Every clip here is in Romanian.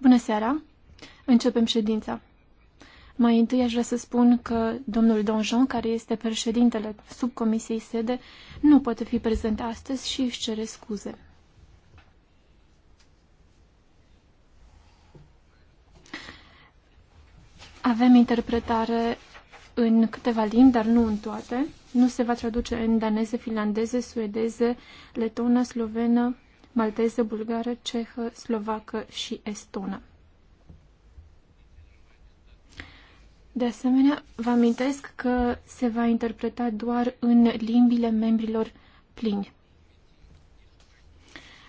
Bună seara. Începem ședința. Mai întâi aș vrea să spun că domnul Donjon, care este președintele subcomisiei sede, nu poate fi prezent astăzi și își cere scuze. Avem interpretare în câteva limbi, dar nu în toate. Nu se va traduce în daneză, finlandeză, suedeză, letonă, slovenă, malteză, bulgară, cehă, slovacă și estonă. De asemenea, vă amintesc că se va interpreta doar în limbile membrilor plini.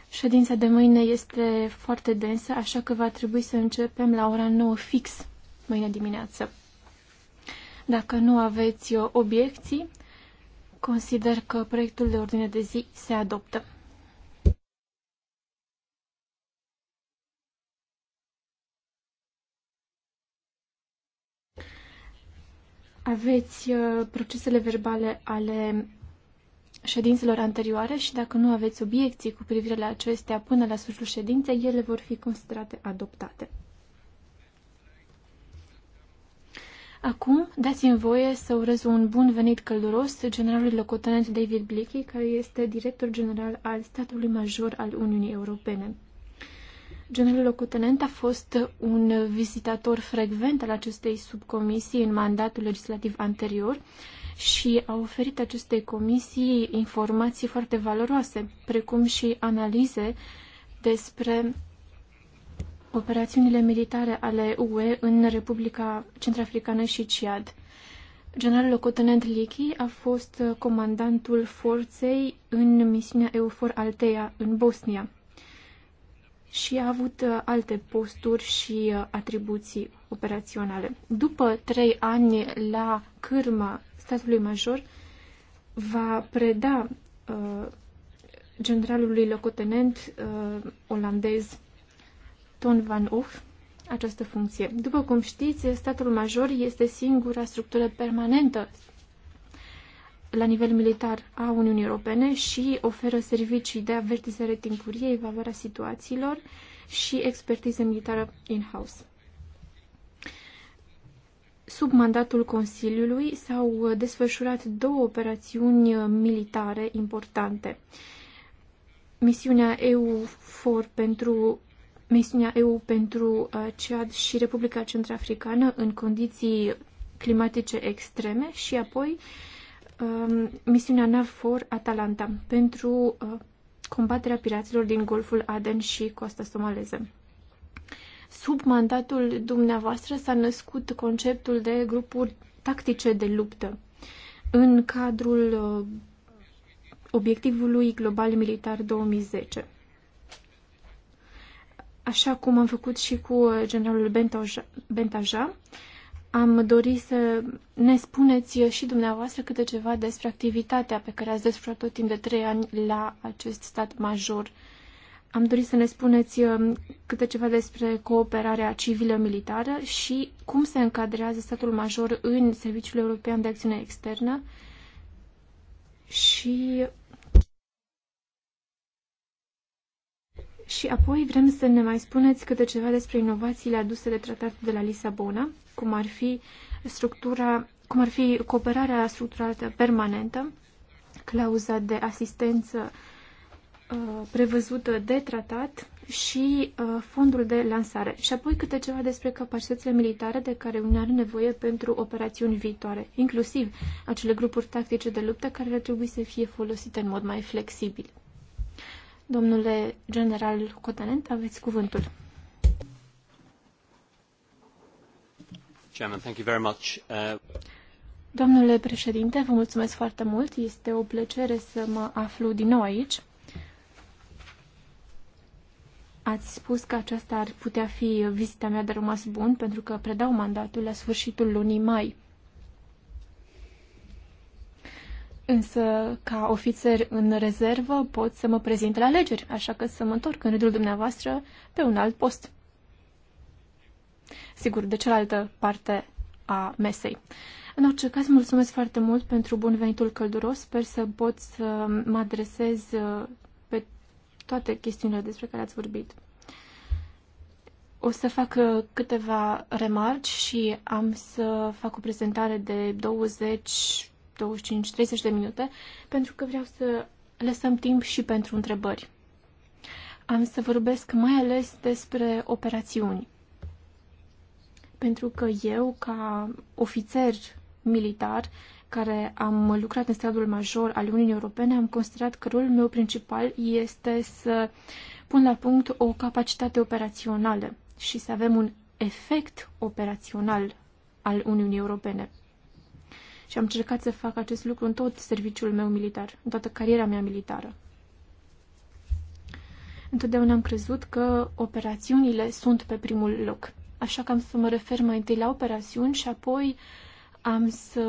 Ședința de mâine este foarte densă, așa că va trebui să începem la ora 9 fix mâine dimineață. Dacă nu aveți uh, obiecții, consider că proiectul de ordine de zi se adoptă. Aveți uh, procesele verbale ale ședințelor anterioare și dacă nu aveți obiecții cu privire la acestea până la sfârșitul ședinței, ele vor fi considerate adoptate. Acum, dați-mi voie să urez un bun venit călduros generalului locotenent David Blicky, care este director general al statului major al Uniunii Europene. Generalul locotenent a fost un vizitator frecvent al acestei subcomisii în mandatul legislativ anterior și a oferit acestei comisii informații foarte valoroase, precum și analize despre operațiunile militare ale UE în Republica Centrafricană și Ciad. Generalul locotenent Lichy a fost uh, comandantul forței în misiunea EUFOR Altea în Bosnia și a avut uh, alte posturi și uh, atribuții operaționale. După trei ani la cârma statului major, va preda uh, generalului locotenent uh, olandez Ton Van Uff această funcție. După cum știți, statul major este singura structură permanentă la nivel militar a Uniunii Europene și oferă servicii de avertizare timpurie, evaluarea situațiilor și expertiză militară in-house. Sub mandatul Consiliului s-au desfășurat două operațiuni militare importante. Misiunea EU4 pentru misiunea EU pentru uh, cead și Republica Centrafricană în condiții climatice extreme și apoi um, misiunea NAVFOR Atalanta pentru uh, combaterea piraților din Golful Aden și coasta somaleză. Sub mandatul dumneavoastră s-a născut conceptul de grupuri tactice de luptă în cadrul uh, obiectivului global militar 2010. Așa cum am făcut și cu uh, generalul Bentaja, am dorit să ne spuneți uh, și dumneavoastră câte ceva despre activitatea pe care ați desfășurat tot timp de trei ani la acest stat major. Am dorit să ne spuneți uh, câte ceva despre cooperarea civilă-militară și cum se încadrează statul major în Serviciul European de Acțiune Externă și Și apoi vrem să ne mai spuneți câte ceva despre inovațiile aduse de tratatul de la Lisabona, cum ar fi structura, cum ar fi cooperarea structurată permanentă, clauza de asistență uh, prevăzută de tratat și uh, fondul de lansare. Și apoi câte ceva despre capacitățile militare de care Uniunea are nevoie pentru operațiuni viitoare, inclusiv acele grupuri tactice de luptă care ar trebui să fie folosite în mod mai flexibil. Domnule general Cotanent, aveți cuvântul. Chairman, thank you very much. Uh... Domnule președinte, vă mulțumesc foarte mult. Este o plăcere să mă aflu din nou aici. Ați spus că aceasta ar putea fi vizita mea de rămas bun, pentru că predau mandatul la sfârșitul lunii mai. Însă, ca ofițer în rezervă, pot să mă prezint la alegeri, așa că să mă întorc în rândul dumneavoastră pe un alt post. Sigur, de cealaltă parte a mesei. În orice caz, mulțumesc foarte mult pentru bun venitul călduros. Sper să pot să mă adresez uh, pe toate chestiunile despre care ați vorbit. O să fac uh, câteva remarci și am să fac o prezentare de 20 25-30 de minute, pentru că vreau să lăsăm timp și pentru întrebări. Am să vorbesc mai ales despre operațiuni. Pentru că eu, ca ofițer militar, care am lucrat în stradul major al Uniunii Europene, am considerat că rolul meu principal este să pun la punct o capacitate operațională și să avem un efect operațional al Uniunii Europene. Și am încercat să fac acest lucru în tot serviciul meu militar, în toată cariera mea militară. Întotdeauna am crezut că operațiunile sunt pe primul loc. Așa că am să mă refer mai întâi la operațiuni și apoi am să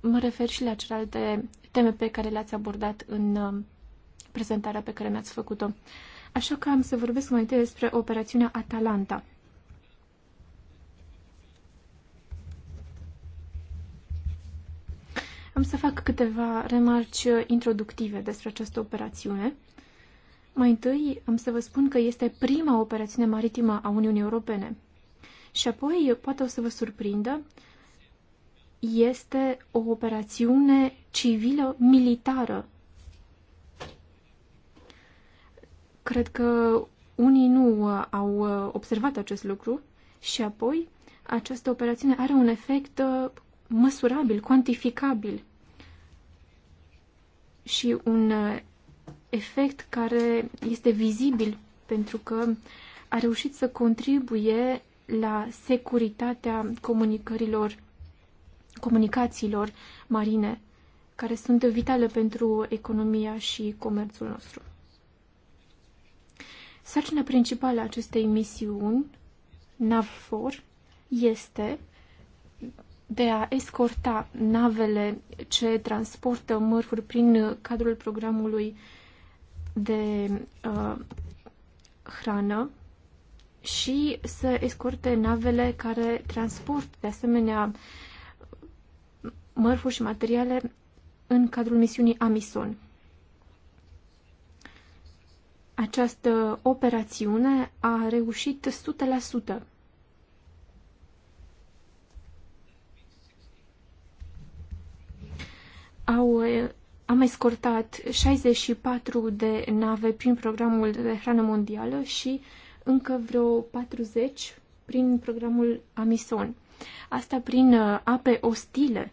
mă refer și la celelalte teme pe care le-ați abordat în uh, prezentarea pe care mi-ați făcut-o. Așa că am să vorbesc mai întâi despre operațiunea Atalanta. Am să fac câteva remarci introductive despre această operațiune. Mai întâi, am să vă spun că este prima operațiune maritimă a Uniunii Europene. Și apoi, poate o să vă surprindă, este o operațiune civilă-militară. Cred că unii nu uh, au uh, observat acest lucru și apoi această operațiune are un efect uh, măsurabil, cuantificabil și un uh, efect care este vizibil pentru că a reușit să contribuie la securitatea comunicărilor, comunicațiilor marine, care sunt vitale pentru economia și comerțul nostru. Sarcina principală a acestei misiuni, NAVFOR, este de a escorta navele ce transportă mărfuri prin cadrul programului de uh, hrană și să escorte navele care transport de asemenea mărfuri și materiale în cadrul misiunii Amison. Această operațiune a reușit 100%. au, am escortat 64 de nave prin programul de hrană mondială și încă vreo 40 prin programul Amison. Asta prin uh, ape ostile,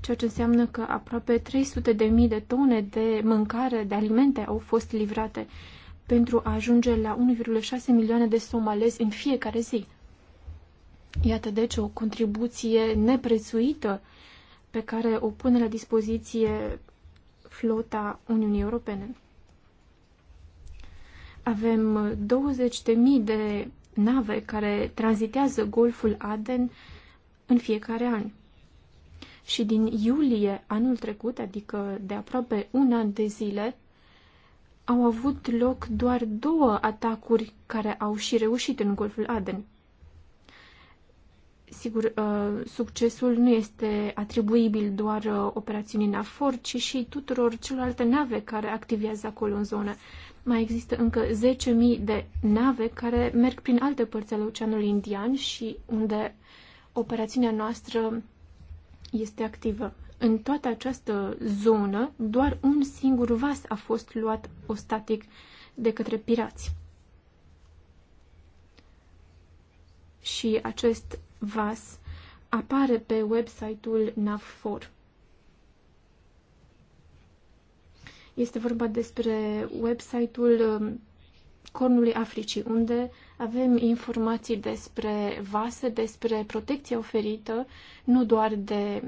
ceea ce înseamnă că aproape 300.000 de tone de mâncare, de alimente au fost livrate pentru a ajunge la 1,6 milioane de somalezi în fiecare zi. Iată deci o contribuție neprețuită pe care o pune la dispoziție flota Uniunii Europene. Avem 20.000 de nave care tranzitează Golful Aden în fiecare an. Și din iulie anul trecut, adică de aproape un an de zile, au avut loc doar două atacuri care au și reușit în Golful Aden. Sigur, uh, succesul nu este atribuibil doar uh, operațiunii NAFOR, ci și tuturor celorlalte nave care activează acolo în zonă. Mai există încă 10.000 de nave care merg prin alte părți ale Oceanului Indian și unde operațiunea noastră este activă. În toată această zonă, doar un singur vas a fost luat ostatic de către pirați. Și acest VAS apare pe website-ul NAVFOR. Este vorba despre website-ul um, Cornului Africii, unde avem informații despre vase, despre protecția oferită, nu doar de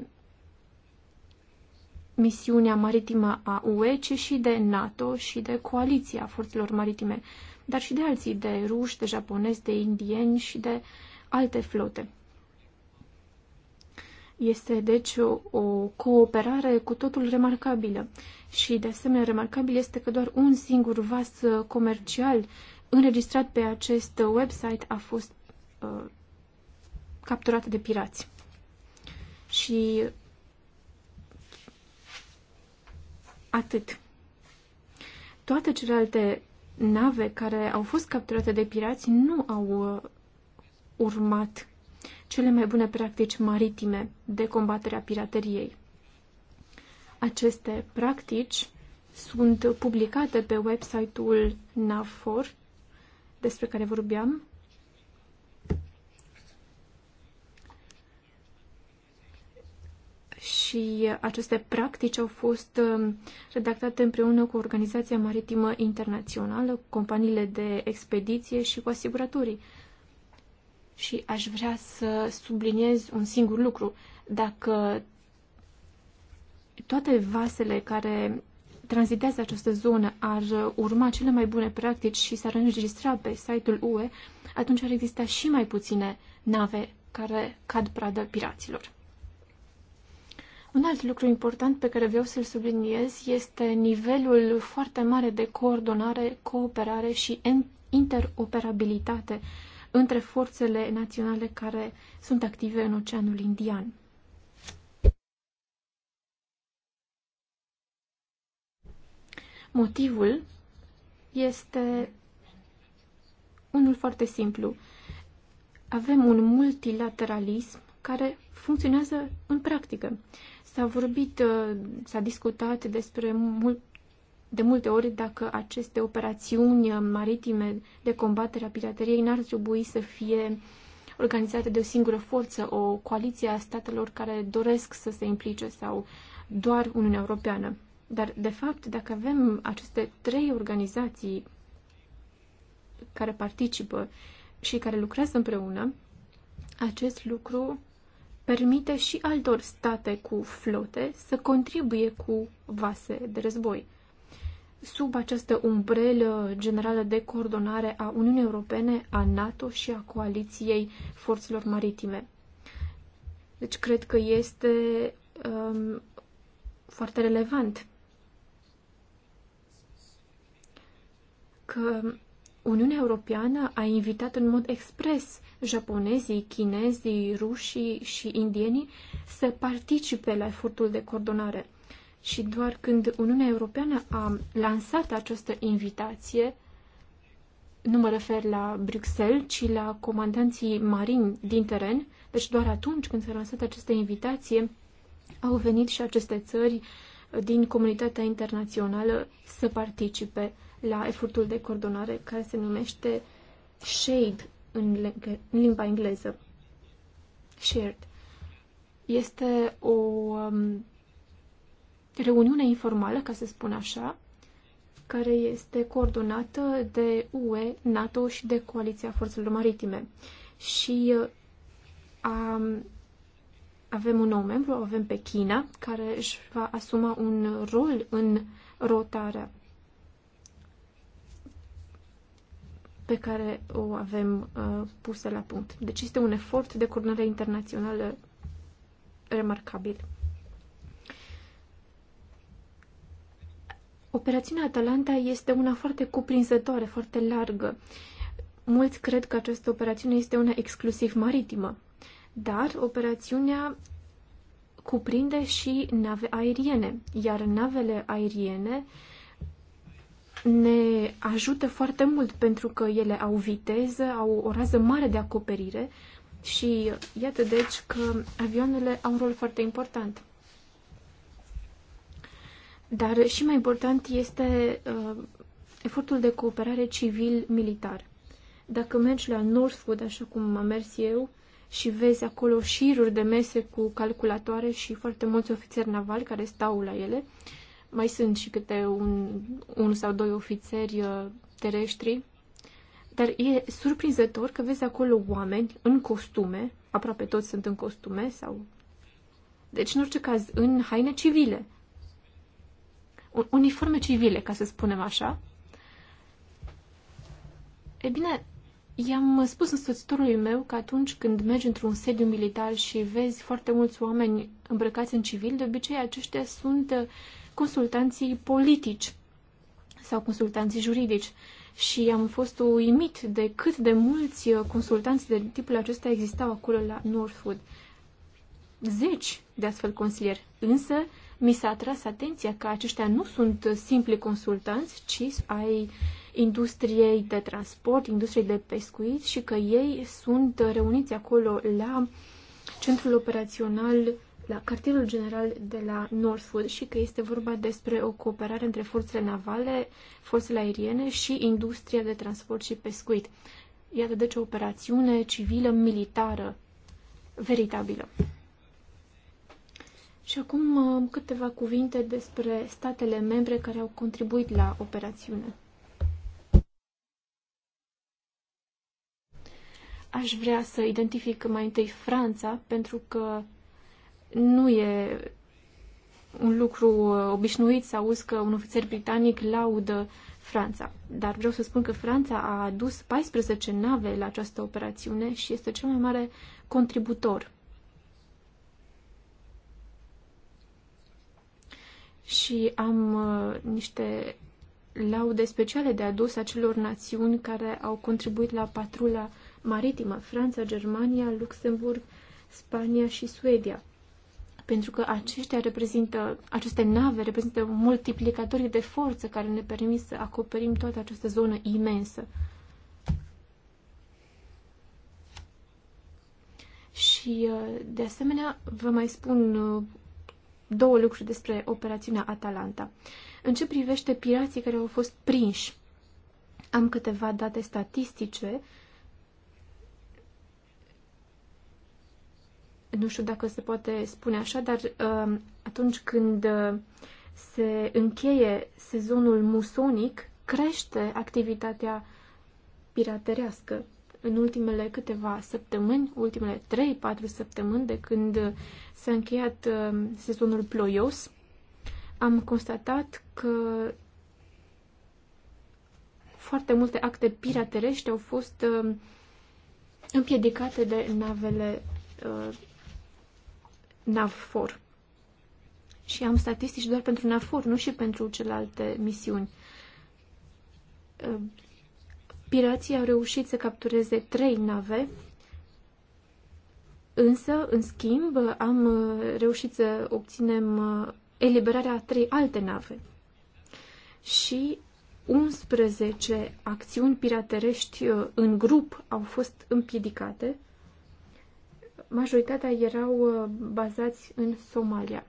misiunea maritimă a UE, ci și de NATO și de coaliția forțelor maritime, dar și de alții, de ruși, de japonezi, de indieni și de alte flote. Este deci o, o cooperare cu totul remarcabilă. Și de asemenea remarcabil este că doar un singur vas comercial înregistrat pe acest website a fost uh, capturat de pirați. Și atât. Toate celelalte nave care au fost capturate de pirați nu au uh, urmat cele mai bune practici maritime de combatere a pirateriei. Aceste practici sunt publicate pe website-ul NAVFOR, despre care vorbeam. Și aceste practici au fost um, redactate împreună cu Organizația Maritimă Internațională, companiile de expediție și cu asiguratorii și aș vrea să subliniez un singur lucru. Dacă toate vasele care tranzitează această zonă ar urma cele mai bune practici și s-ar înregistra pe site-ul UE, atunci ar exista și mai puține nave care cad pradă piraților. Un alt lucru important pe care vreau să-l subliniez este nivelul foarte mare de coordonare, cooperare și interoperabilitate între forțele naționale care sunt active în Oceanul Indian. Motivul este unul foarte simplu. Avem un multilateralism care funcționează în practică. S-a vorbit, uh, s-a discutat despre de multe ori, dacă aceste operațiuni maritime de combatere a pirateriei n-ar trebui să fie organizate de o singură forță, o coaliție a statelor care doresc să se implice sau doar Uniunea Europeană. Dar, de fapt, dacă avem aceste trei organizații care participă și care lucrează împreună, acest lucru permite și altor state cu flote să contribuie cu vase de război sub această umbrelă generală de coordonare a Uniunii Europene, a NATO și a Coaliției Forțelor Maritime. Deci cred că este um, foarte relevant că Uniunea Europeană a invitat în mod expres japonezii, chinezii, rușii și indienii să participe la efortul de coordonare – și doar când Uniunea Europeană a lansat această invitație, nu mă refer la Bruxelles, ci la comandanții marini din teren, deci doar atunci când s-a lansat această invitație, au venit și aceste țări din comunitatea internațională să participe la efortul de coordonare care se numește SHADE în, limba engleză. Shared. Este o um, reuniune informală, ca să spun așa, care este coordonată de UE, NATO și de Coaliția Forțelor Maritime. Și uh, a, avem un nou membru, avem pe China, care își va asuma un rol în rotarea pe care o avem uh, pusă la punct. Deci este un efort de coordonare internațională remarcabil. Operațiunea Atalanta este una foarte cuprinzătoare, foarte largă. Mulți cred că această operațiune este una exclusiv maritimă, dar operațiunea cuprinde și nave aeriene, iar navele aeriene ne ajută foarte mult pentru că ele au viteză, au o rază mare de acoperire și iată deci că avioanele au un rol foarte important. Dar și mai important este uh, efortul de cooperare civil-militar. Dacă mergi la Northwood, așa cum am mers eu, și vezi acolo șiruri de mese cu calculatoare și foarte mulți ofițeri navali care stau la ele, mai sunt și câte un, un sau doi ofițeri uh, terestri, dar e surprinzător că vezi acolo oameni în costume, aproape toți sunt în costume sau... Deci, în orice caz, în haine civile – uniforme civile, ca să spunem așa. E bine, i-am spus însoțitorului meu că atunci când mergi într-un sediu militar și vezi foarte mulți oameni îmbrăcați în civil, de obicei aceștia sunt uh, consultanții politici sau consultanții juridici. Și am fost uimit de cât de mulți uh, consultanți de tipul acesta existau acolo la Northwood. Zeci de astfel consilieri. Însă, mi s-a atras atenția că aceștia nu sunt simpli consultanți, ci ai industriei de transport, industriei de pescuit și că ei sunt reuniți acolo la centrul operațional la cartierul general de la Northwood și că este vorba despre o cooperare între forțele navale, forțele aeriene și industria de transport și pescuit. Iată deci o operațiune civilă militară veritabilă. Și acum uh, câteva cuvinte despre statele membre care au contribuit la operațiune. Aș vrea să identific mai întâi Franța, pentru că nu e un lucru uh, obișnuit să auzi că un ofițer britanic laudă Franța. Dar vreau să spun că Franța a adus 14 nave la această operațiune și este cel mai mare contributor și am uh, niște laude speciale de adus acelor națiuni care au contribuit la patrula maritimă, Franța, Germania, Luxemburg, Spania și Suedia. Pentru că aceștia reprezintă, aceste nave reprezintă multiplicatorii de forță care ne permit să acoperim toată această zonă imensă. Și, uh, de asemenea, vă mai spun uh, două lucruri despre operațiunea Atalanta. În ce privește pirații care au fost prinși, am câteva date statistice. Nu știu dacă se poate spune așa, dar uh, atunci când uh, se încheie sezonul musonic, crește activitatea piraterească în ultimele câteva săptămâni, ultimele 3-4 săptămâni de când s-a încheiat uh, sezonul ploios, am constatat că foarte multe acte piraterești au fost uh, împiedicate de navele uh, NAVFOR. Și am statistici doar pentru NAVFOR, nu și pentru celelalte misiuni Pirații au reușit să captureze trei nave, însă, în schimb, am uh, reușit să obținem uh, eliberarea a trei alte nave și 11 acțiuni piraterești uh, în grup au fost împiedicate. Majoritatea erau bazați în Somalia.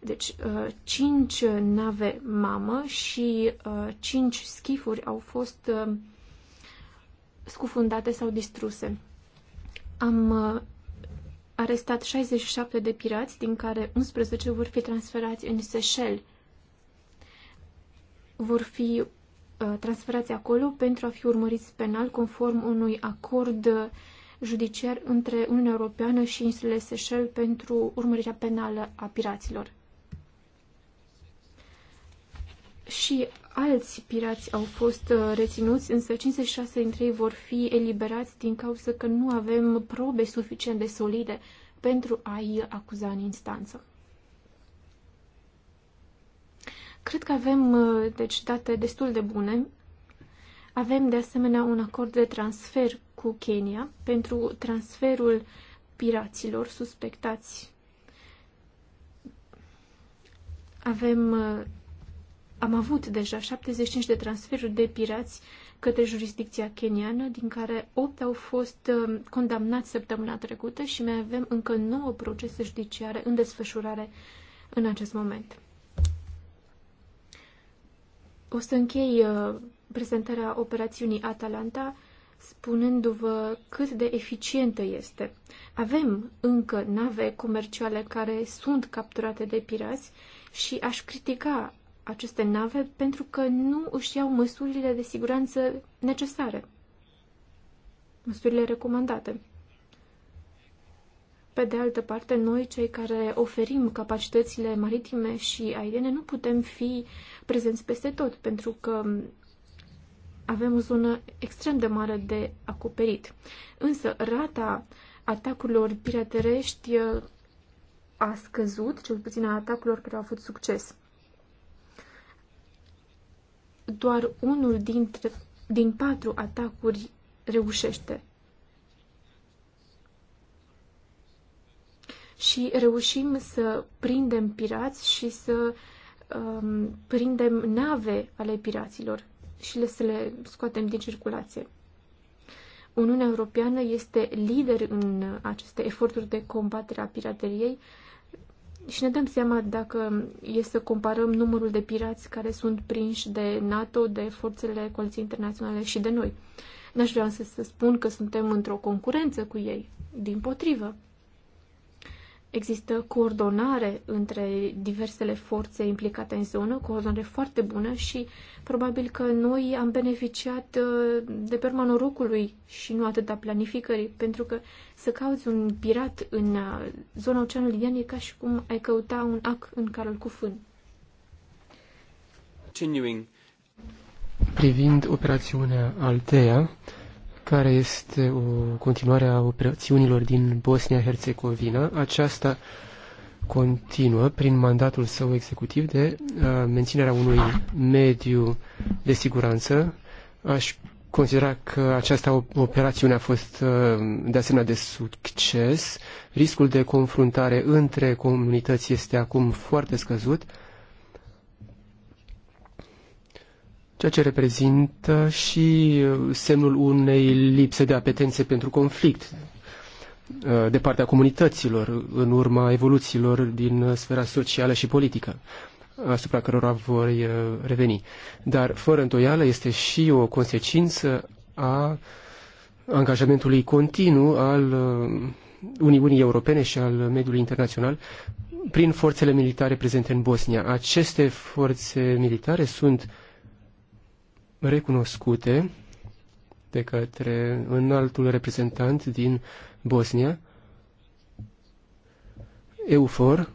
Deci, 5 nave mamă și 5 schifuri au fost scufundate sau distruse. Am uh, arestat 67 de pirați, din care 11 vor fi transferați în Seychelles. Vor fi uh, transferați acolo pentru a fi urmăriți penal conform unui acord uh, judiciar între Uniunea Europeană și insulele Seychelles pentru urmărirea penală a piraților și alți pirați au fost uh, reținuți, însă 56 dintre ei vor fi eliberați din cauza că nu avem probe suficient de solide pentru a-i acuza în instanță. Cred că avem uh, deci, date destul de bune. Avem de asemenea un acord de transfer cu Kenya pentru transferul piraților suspectați. Avem uh, am avut deja 75 de transferuri de pirați către jurisdicția keniană, din care 8 au fost um, condamnați săptămâna trecută și mai avem încă 9 procese judiciare în desfășurare în acest moment. O să închei uh, prezentarea operațiunii Atalanta spunându-vă cât de eficientă este. Avem încă nave comerciale care sunt capturate de pirați și aș critica aceste nave pentru că nu își iau măsurile de siguranță necesare, măsurile recomandate. Pe de altă parte, noi, cei care oferim capacitățile maritime și aeriene, nu putem fi prezenți peste tot, pentru că avem o zonă extrem de mare de acoperit. Însă, rata atacurilor piraterești uh, a scăzut, cel puțin a atacurilor care au avut succes doar unul dintre, din patru atacuri reușește. Și reușim să prindem pirați și să um, prindem nave ale piraților și le, să le scoatem din circulație. Uniunea Europeană este lider în aceste eforturi de combatere a pirateriei, și ne dăm seama dacă e să comparăm numărul de pirați care sunt prinși de NATO, de forțele coaliției internaționale și de noi. N-aș vrea să, să spun că suntem într-o concurență cu ei, din potrivă. Există coordonare între diversele forțe implicate în zonă, coordonare foarte bună și probabil că noi am beneficiat uh, de perma norocului și nu atât a planificării, pentru că să cauți un pirat în uh, zona Oceanului Indian e ca și cum ai căuta un ac în carul cu fân. Continuing. Privind operațiunea Altea, care este o continuare a operațiunilor din Bosnia-Herzegovina. Aceasta continuă prin mandatul său executiv de a, uh, menținerea unui mediu de siguranță. Aș considera că această operațiune a fost uh, de asemenea de succes. Riscul de confruntare între comunități este acum foarte scăzut. ceea ce reprezintă și uh, semnul unei lipse de apetențe pentru conflict uh, de partea comunităților în urma evoluțiilor din uh, sfera socială și politică asupra cărora voi reveni. Dar, fără întoială, este și o consecință a angajamentului continuu al Uniunii Europene și al mediului internațional prin forțele militare prezente în Bosnia. Aceste forțe militare sunt uh, recunoscute de către înaltul reprezentant din Bosnia, EUFOR,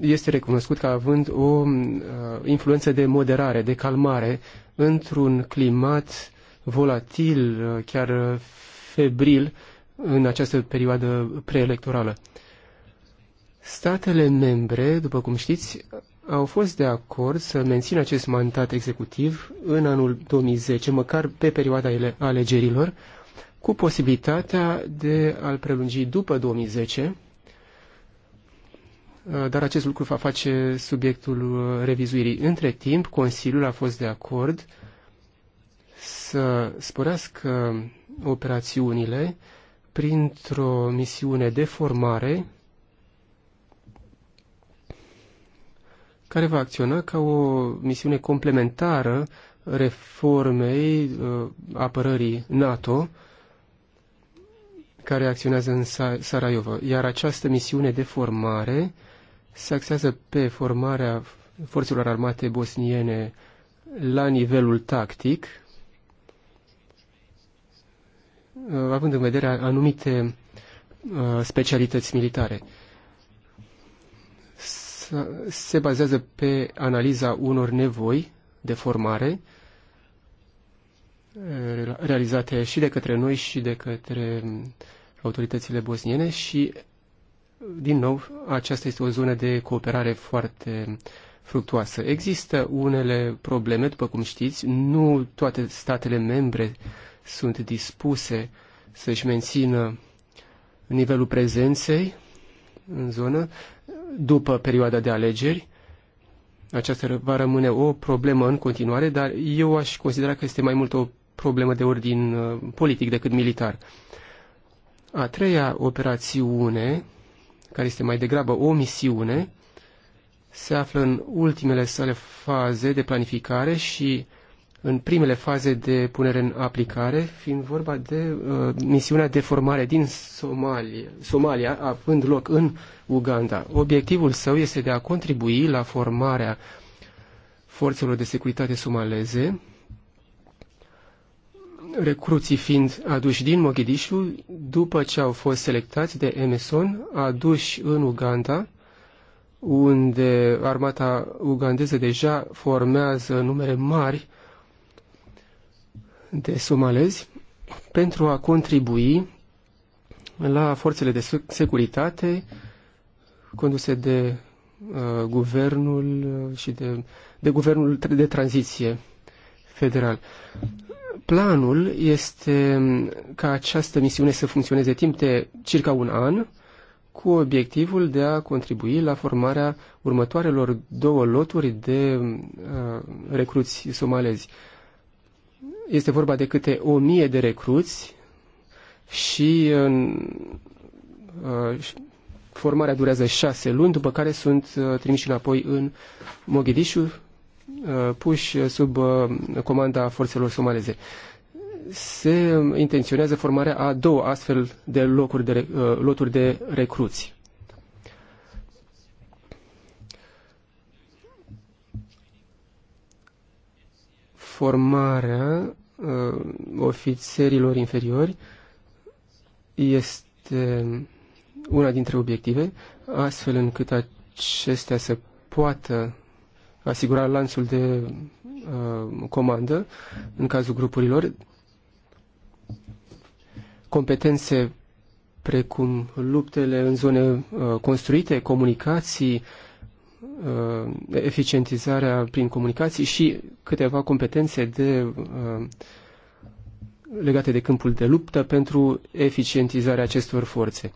este recunoscut ca având o uh, influență de moderare, de calmare, într-un climat volatil, uh, chiar febril, în această perioadă preelectorală. Statele membre, după cum știți, au fost de acord să mențină acest mandat executiv în anul 2010, măcar pe perioada alegerilor, cu posibilitatea de a-l prelungi după 2010, dar acest lucru va face subiectul revizuirii. Între timp, Consiliul a fost de acord să sporească operațiunile printr-o misiune de formare care va acționa ca o misiune complementară reformei uh, apărării NATO care acționează în Sarajevo. Iar această misiune de formare se axează pe formarea forțelor armate bosniene la nivelul tactic, uh, având în vedere anumite uh, specialități militare se bazează pe analiza unor nevoi de formare realizate și de către noi și de către autoritățile bosniene și, din nou, aceasta este o zonă de cooperare foarte fructuoasă. Există unele probleme, după cum știți, nu toate statele membre sunt dispuse să-și mențină nivelul prezenței în zonă după perioada de alegeri. Aceasta va rămâne o problemă în continuare, dar eu aș considera că este mai mult o problemă de ordin uh, politic decât militar. A treia operațiune, care este mai degrabă o misiune, se află în ultimele sale faze de planificare și în primele faze de punere în aplicare, fiind vorba de uh, misiunea de formare din Somalia, Somalia, având loc în Uganda. Obiectivul său este de a contribui la formarea forțelor de securitate somaleze, recruții fiind aduși din Mogadishu după ce au fost selectați de Emerson, aduși în Uganda, unde armata ugandeză deja formează numere mari de somalezi pentru a contribui la forțele de securitate conduse de uh, guvernul uh, și de, de guvernul de tranziție federal. Planul este um, ca această misiune să funcționeze timp de circa un an, cu obiectivul de a contribui la formarea următoarelor două loturi de uh, recruți somalezi. Uh, este vorba de câte o mie de recruți și în, uh, formarea durează șase luni, după care sunt uh, trimiși înapoi în Mogadishu, uh, puși sub comanda forțelor somaleze. Se intenționează formarea a două astfel de locuri de, loturi de recruți. Formarea uh, ofițerilor inferiori este una dintre obiective, astfel încât acestea să poată asigura lanțul de uh, comandă în cazul grupurilor, competențe precum luptele în zone uh, construite, comunicații, uh, Uh, eficientizarea prin comunicații și câteva competențe de, uh, legate de câmpul de luptă pentru eficientizarea acestor forțe.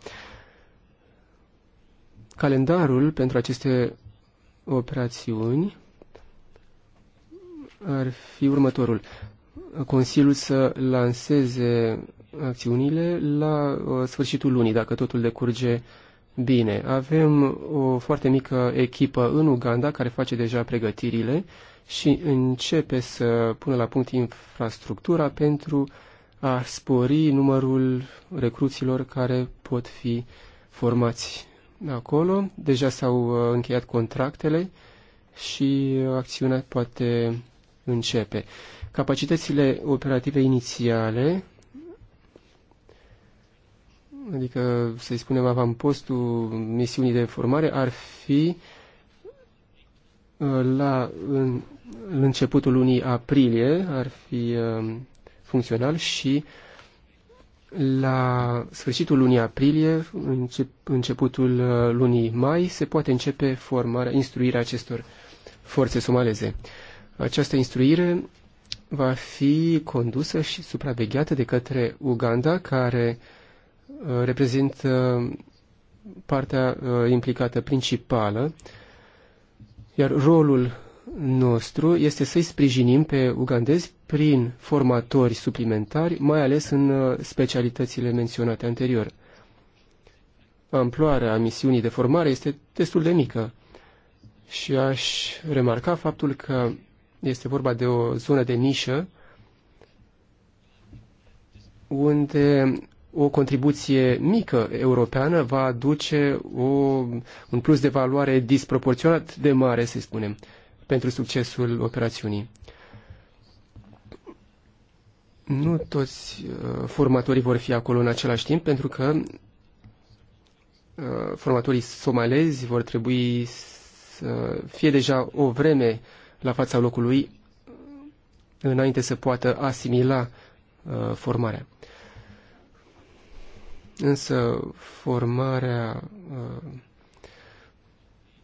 Calendarul pentru aceste operațiuni ar fi următorul. Consiliul să lanseze acțiunile la uh, sfârșitul lunii, dacă totul decurge Bine, avem o foarte mică echipă în Uganda care face deja pregătirile și începe să pună la punct infrastructura pentru a spori numărul recruților care pot fi formați acolo. Deja s-au uh, încheiat contractele și acțiunea poate începe. Capacitățile operative inițiale adică să-i spunem avampostul misiunii de formare, ar fi uh, la în, în începutul lunii aprilie, ar fi uh, funcțional și la sfârșitul lunii aprilie, încep, începutul uh, lunii mai, se poate începe formarea, instruirea acestor forțe somaleze. Această instruire va fi condusă și supravegheată de către Uganda, care uh, Uh, reprezintă uh, partea uh, implicată principală, iar rolul nostru este să-i sprijinim pe ugandezi prin formatori suplimentari, mai ales în specialitățile menționate anterior. Amploarea misiunii de formare este destul de mică și aș remarca faptul că este vorba de o zonă de nișă unde o contribuție mică europeană va aduce o, un plus de valoare disproporționat de mare, să spunem, pentru succesul operațiunii. Nu toți uh, formatorii vor fi acolo în același timp, pentru că uh, formatorii somalezi vor trebui să fie deja o vreme la fața locului înainte să poată asimila uh, formarea. Însă formarea uh,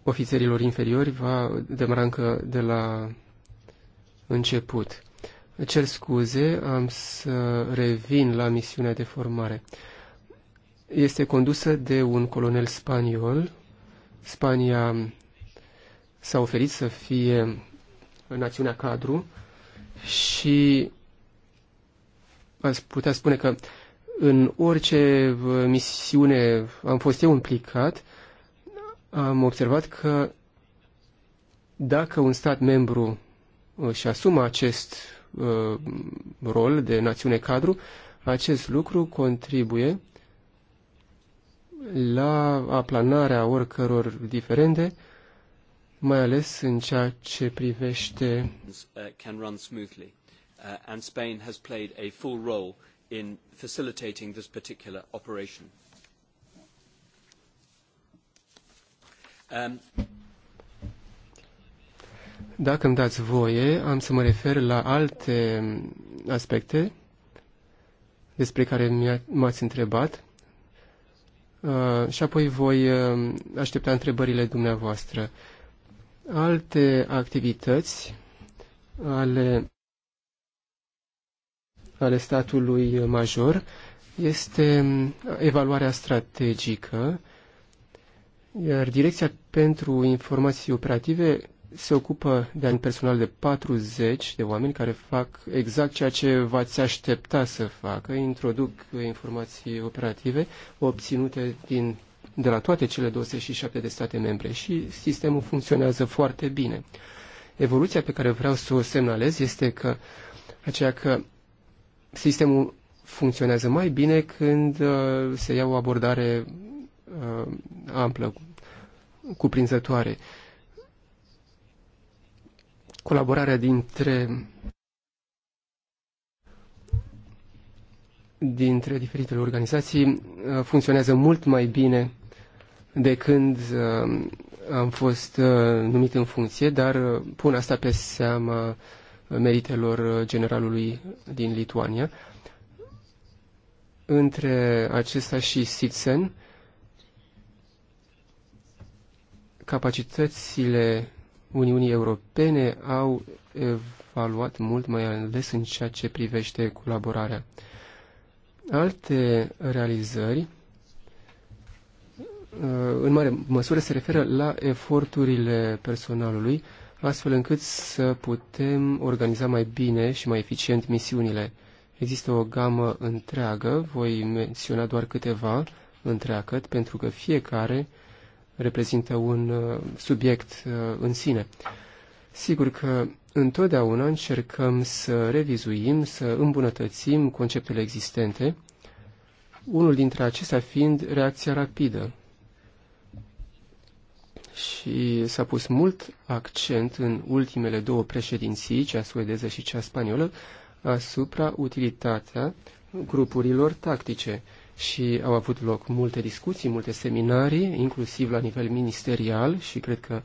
ofițerilor inferiori va demara încă de la început. Cer scuze, am să revin la misiunea de formare. Este condusă de un colonel spaniol. Spania s-a oferit să fie națiunea cadru și ați putea spune că în orice uh, misiune am fost eu implicat, am observat că dacă un stat membru uh, își asumă acest uh, rol de națiune cadru, acest lucru contribuie la aplanarea oricăror diferende, mai ales în ceea ce privește uh, can run smoothly. Uh, and Spain has played a full role in facilitating this particular operation. Um, Dacă îmi dați voie, am să mă refer la alte aspecte despre care m-ați întrebat uh, și apoi voi uh, aștepta întrebările dumneavoastră. Alte activități ale ale statului major este mm, evaluarea strategică, iar Direcția pentru Informații Operative se ocupă de un personal de 40 de oameni care fac exact ceea ce v-ați aștepta să facă, introduc informații operative obținute din, de la toate cele 27 de state membre și sistemul funcționează foarte bine. Evoluția pe care vreau să o semnalez este că aceea că sistemul funcționează mai bine când uh, se ia o abordare uh, amplă, cuprinzătoare. Colaborarea dintre dintre diferitele organizații uh, funcționează mult mai bine de când am fost numit în funcție, dar pun asta pe seama meritelor generalului din Lituania. Între acesta și Sitsen, capacitățile Uniunii Europene au evaluat mult mai ales în ceea ce privește colaborarea. Alte realizări uh, în mare măsură se referă la eforturile personalului astfel încât să putem organiza mai bine și mai eficient misiunile. Există o gamă întreagă, voi menționa doar câteva întreagăt, pentru că fiecare reprezintă un uh, subiect uh, în sine. Sigur că întotdeauna încercăm să revizuim, să îmbunătățim conceptele existente, unul dintre acestea fiind reacția rapidă și s-a pus mult accent în ultimele două președinții, cea suedeză și cea spaniolă, asupra utilitatea grupurilor tactice și au avut loc multe discuții, multe seminarii, inclusiv la nivel ministerial și cred că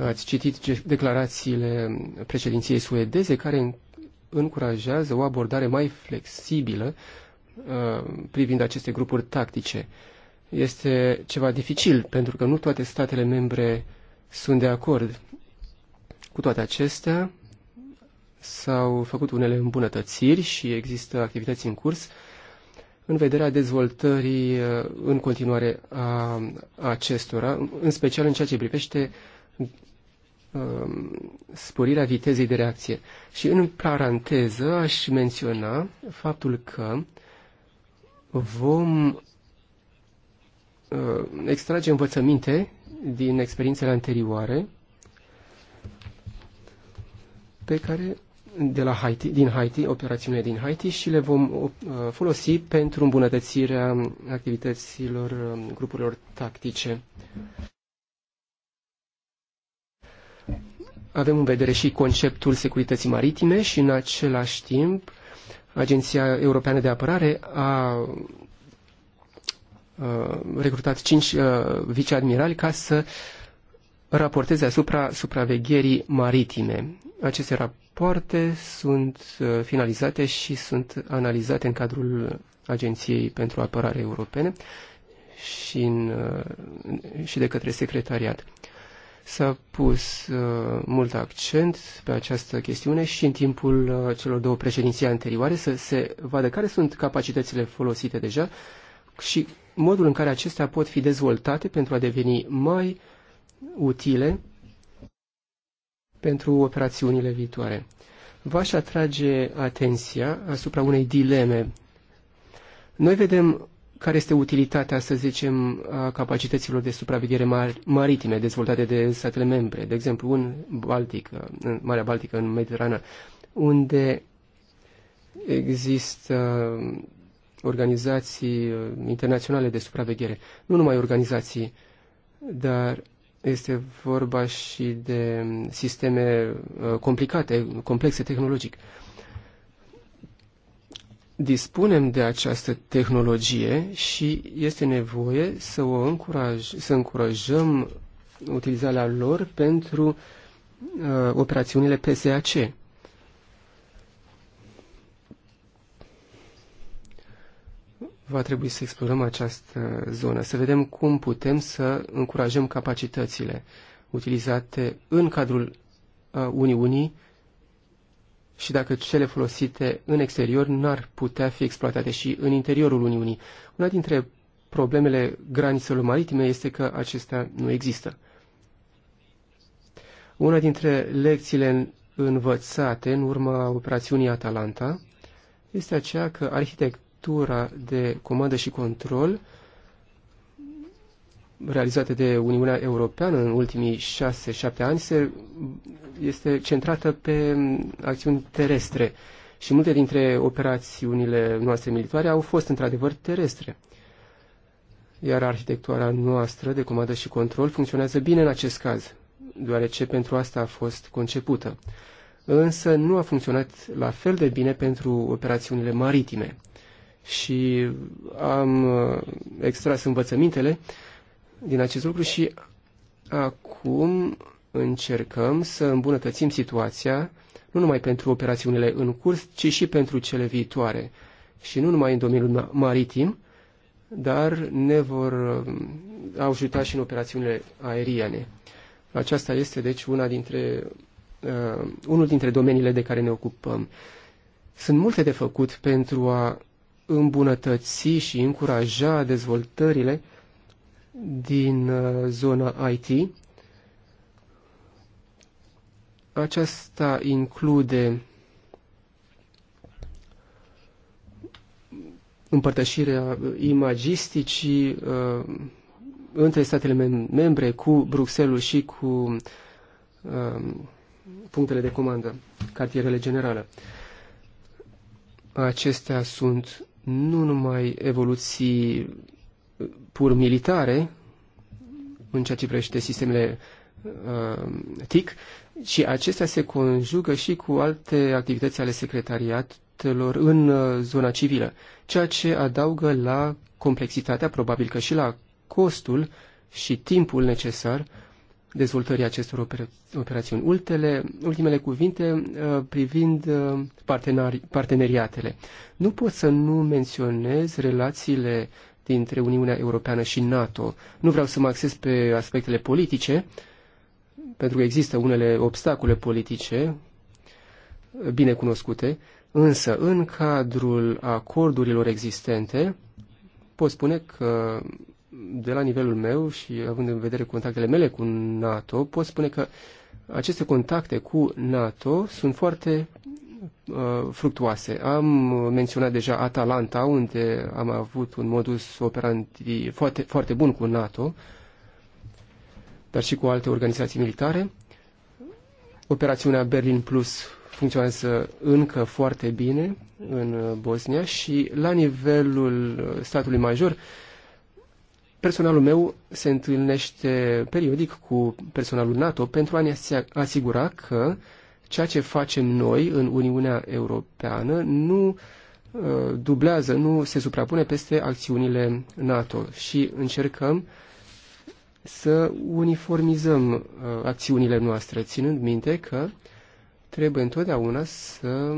ați citit declarațiile președinției suedeze care încurajează o abordare mai flexibilă uh, privind aceste grupuri tactice este ceva dificil, pentru că nu toate statele membre sunt de acord. Cu toate acestea, s-au făcut unele îmbunătățiri și există activități în curs în vederea dezvoltării uh, în continuare a acestora, în special în ceea ce privește um, sporirea vitezei de reacție. Și în paranteză aș menționa faptul că vom Uh, extrage învățăminte din experiențele anterioare pe care de la Haiti, din Haiti, operațiunile din Haiti și le vom uh, folosi pentru îmbunătățirea activităților um, grupurilor tactice. Avem în vedere și conceptul securității maritime și în același timp Agenția Europeană de Apărare a Uh, recrutat cinci uh, viceadmirali ca să raporteze asupra supravegherii maritime. Aceste rapoarte sunt uh, finalizate și sunt analizate în cadrul Agenției pentru Apărare Europene și, în, și de către secretariat. S-a pus uh, mult accent pe această chestiune și în timpul uh, celor două președinții anterioare să se vadă care sunt capacitățile folosite deja și modul în care acestea pot fi dezvoltate pentru a deveni mai utile pentru operațiunile viitoare. V-aș atrage atenția asupra unei dileme. Noi vedem care este utilitatea, să zicem, a capacităților de supraveghere mar- maritime dezvoltate de statele membre, de exemplu în Baltic, în Marea Baltică, în Mediterană, unde există organizații uh, internaționale de supraveghere. Nu numai organizații, dar este vorba și de um, sisteme uh, complicate, complexe tehnologic. Dispunem de această tehnologie și este nevoie să, o încuraj, să încurajăm utilizarea lor pentru uh, operațiunile PSAC. va trebui să explorăm această zonă, să vedem cum putem să încurajăm capacitățile utilizate în cadrul uh, Uniunii și dacă cele folosite în exterior n-ar putea fi exploatate și în interiorul Uniunii. Una dintre problemele granițelor maritime este că acestea nu există. Una dintre lecțiile învățate în urma operațiunii Atalanta este aceea că arhitect structura de comandă și control realizată de Uniunea Europeană în ultimii 6-7 ani se, este centrată pe acțiuni terestre și multe dintre operațiunile noastre militare au fost într-adevăr terestre. Iar arhitectura noastră de comandă și control funcționează bine în acest caz, deoarece pentru asta a fost concepută. Însă nu a funcționat la fel de bine pentru operațiunile maritime și am uh, extras învățămintele din acest lucru și acum încercăm să îmbunătățim situația nu numai pentru operațiunile în curs, ci și pentru cele viitoare. Și nu numai în domeniul maritim, dar ne vor uh, ajuta și în operațiunile aeriene. Aceasta este, deci, una dintre, uh, unul dintre domeniile de care ne ocupăm. Sunt multe de făcut pentru a îmbunătăți și încuraja dezvoltările din uh, zona IT. Aceasta include împărtășirea imagisticii uh, între statele mem membre cu Bruxelles și cu uh, punctele de comandă, cartierele generale. Acestea sunt nu numai evoluții uh, pur militare în ceea ce privește sistemele uh, TIC, ci acestea se conjugă și cu alte activități ale secretariatelor în uh, zona civilă, ceea ce adaugă la complexitatea, probabil că și la costul și timpul necesar uh, dezvoltării acestor opera operațiuni. Ultele, ultimele cuvinte uh, privind uh, parteneriatele. Nu pot să nu menționez relațiile dintre Uniunea Europeană și NATO. Nu vreau să mă acces pe aspectele politice, pentru că există unele obstacole politice uh, bine cunoscute, însă în cadrul acordurilor existente pot spune că de la nivelul meu și având în vedere contactele mele cu NATO, pot spune că aceste contacte cu NATO sunt foarte uh, fructuoase. Am menționat deja Atalanta, unde am avut un modus operandi foarte, foarte bun cu NATO, dar și cu alte organizații militare. Operațiunea Berlin Plus funcționează încă foarte bine în Bosnia și la nivelul statului major uh, Personalul meu se întâlnește periodic cu personalul NATO pentru a ne asigura că ceea ce facem noi în Uniunea Europeană nu uh, dublează, nu se suprapune peste acțiunile NATO și încercăm să uniformizăm uh, acțiunile noastre, ținând minte că trebuie întotdeauna să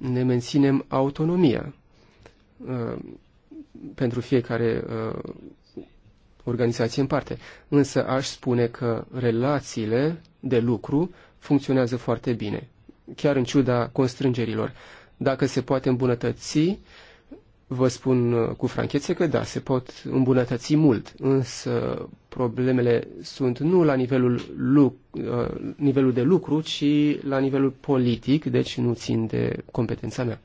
ne menținem autonomia uh, pentru fiecare uh, organizație în parte. Însă aș spune că relațiile de lucru funcționează foarte bine, chiar în ciuda constrângerilor. Dacă se poate îmbunătăți, vă spun uh, cu franchețe că da, se pot îmbunătăți mult, însă problemele sunt nu la nivelul, lu- uh, nivelul de lucru, ci la nivelul politic, deci nu țin de competența mea.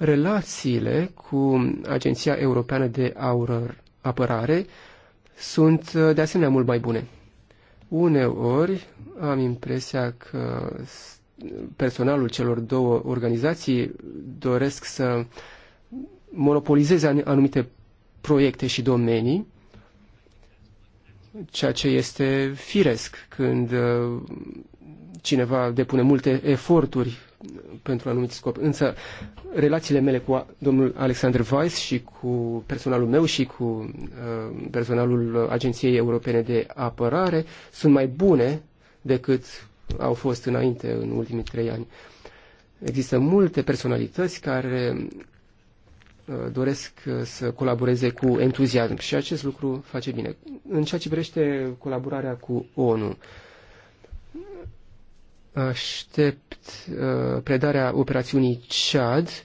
Relațiile cu Agenția Europeană de Aur Apărare sunt uh, de asemenea mult mai bune. Uneori am impresia că personalul celor două organizații doresc să monopolizeze anumite proiecte și domenii, ceea ce este firesc când uh, cineva depune multe eforturi pentru anumite scopuri. Însă, relațiile mele cu domnul Alexander Weiss și cu personalul meu și cu uh, personalul Agenției Europene de Apărare sunt mai bune decât au fost înainte, în ultimii trei ani. Există multe personalități care uh, doresc uh, să colaboreze cu entuziasm și acest lucru face bine. În ceea ce privește colaborarea cu ONU, aștept uh, predarea operațiunii Chad.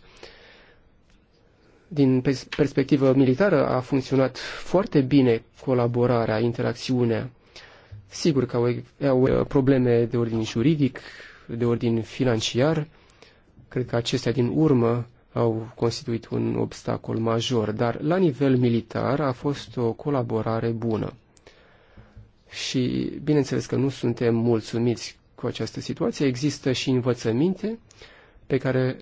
Din perspectivă militară a funcționat foarte bine colaborarea, interacțiunea. Sigur că au, au probleme de ordin juridic, de ordin financiar. Cred că acestea din urmă au constituit un obstacol major, dar la nivel militar a fost o colaborare bună. Și bineînțeles că nu suntem mulțumiți cu această situație. Există și învățăminte pe care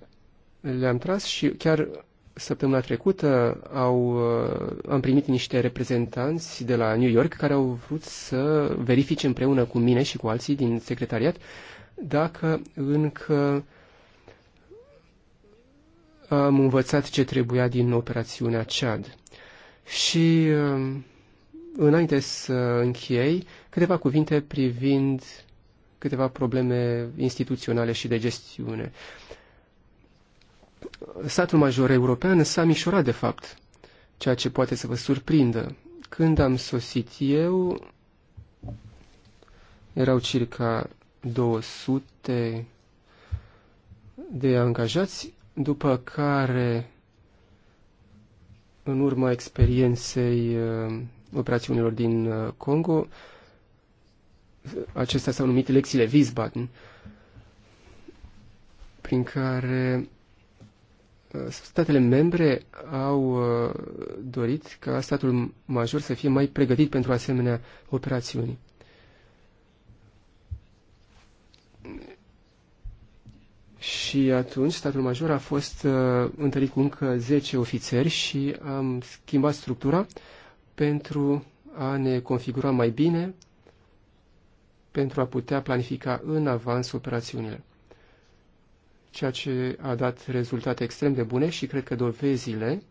le-am tras și chiar săptămâna trecută au, am primit niște reprezentanți de la New York care au vrut să verifice împreună cu mine și cu alții din secretariat dacă încă am învățat ce trebuia din operațiunea Chad. Și um, înainte să închei, câteva cuvinte privind câteva probleme instituționale și de gestiune. Satul major european s-a mișorat, de fapt, ceea ce poate să vă surprindă. Când am sosit eu, erau circa 200 de angajați, după care, în urma experienței uh, operațiunilor din uh, Congo, acestea s-au numit lecțiile Wiesbaden, prin care uh, statele membre au uh, dorit ca statul major să fie mai pregătit pentru asemenea operațiuni. Și atunci statul major a fost uh, întărit cu încă 10 ofițeri și am schimbat structura pentru a ne configura mai bine pentru a putea planifica în avans operațiunile. Ceea ce a dat rezultate extrem de bune și cred că dovezile